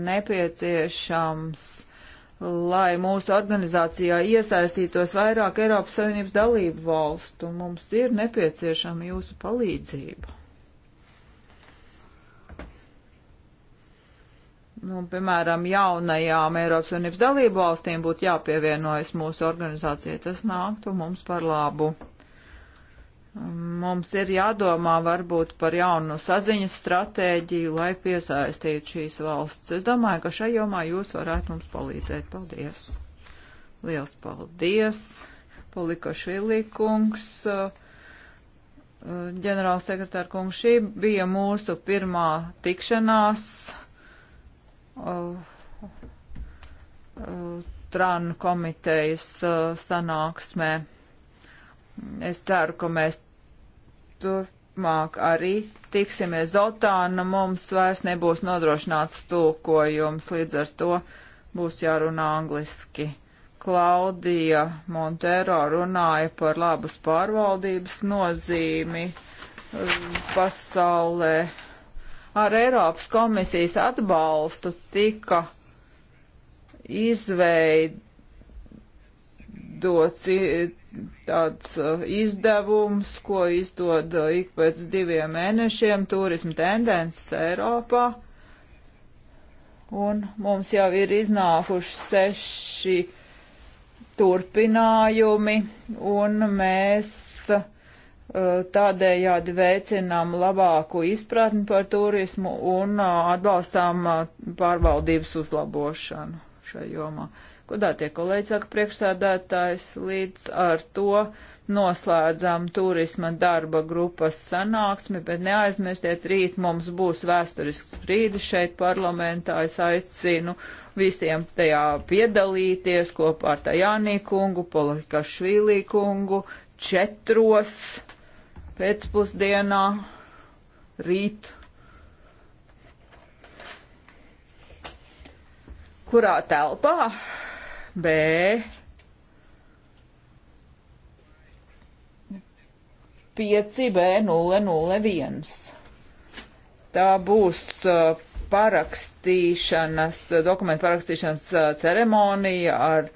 nepieciešams, lai mūsu organizācijā iesaistītos vairāk Eiropas Savienības dalību valstu. Mums ir nepieciešama jūsu palīdzība. Nu, piemēram, jaunajām Eiropas Savienības dalību valstīm būtu jāpievienojas mūsu organizācijai. Tas nāktu mums par labu. Mums ir jādomā varbūt par jaunu saziņas stratēģiju, lai piesaistītu šīs valsts. Es domāju, ka šajā jomā jūs varētu mums palīdzēt. Paldies! Liels paldies! Polikašvili kungs, ģenerālsekretāra kungs, šī bija mūsu pirmā tikšanās. Uh, uh, Tran komitejas uh, sanāksmē. Es ceru, ka mēs turpmāk arī tiksimies Zotāna. Mums vairs nebūs nodrošināts tulkojums, līdz ar to būs jārunā angliski. Klaudija Montero runāja par labas pārvaldības nozīmi um, pasaulē. Ar Eiropas komisijas atbalstu tika izveidots tāds uh, izdevums, ko izdod uh, ik pēc diviem mēnešiem turismu tendences Eiropā. Un mums jau ir iznākuši seši turpinājumi, un mēs uh, tādējādi veicinām labāku izpratni par turismu un atbalstām pārvaldības uzlabošanu šajā jomā. Godātie kolēģi, saka priekšsādātājs, līdz ar to noslēdzām turisma darba grupas sanāksmi, bet neaizmirstiet, rīt mums būs vēsturisks brīdis šeit parlamentā. Es aicinu visiem tajā piedalīties kopā ar Tajānī kungu, Polika Švīlī kungu, četros pēcpusdienā rīt. kurā telpā B pieci B nulle nulle viens. Tā būs uh, parakstīšanas, dokumentu parakstīšanas uh, ceremonija ar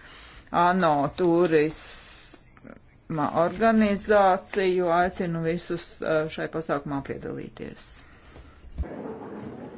ANO turisma organizāciju. Aicinu visus uh, šai pasākumā piedalīties. Thank you.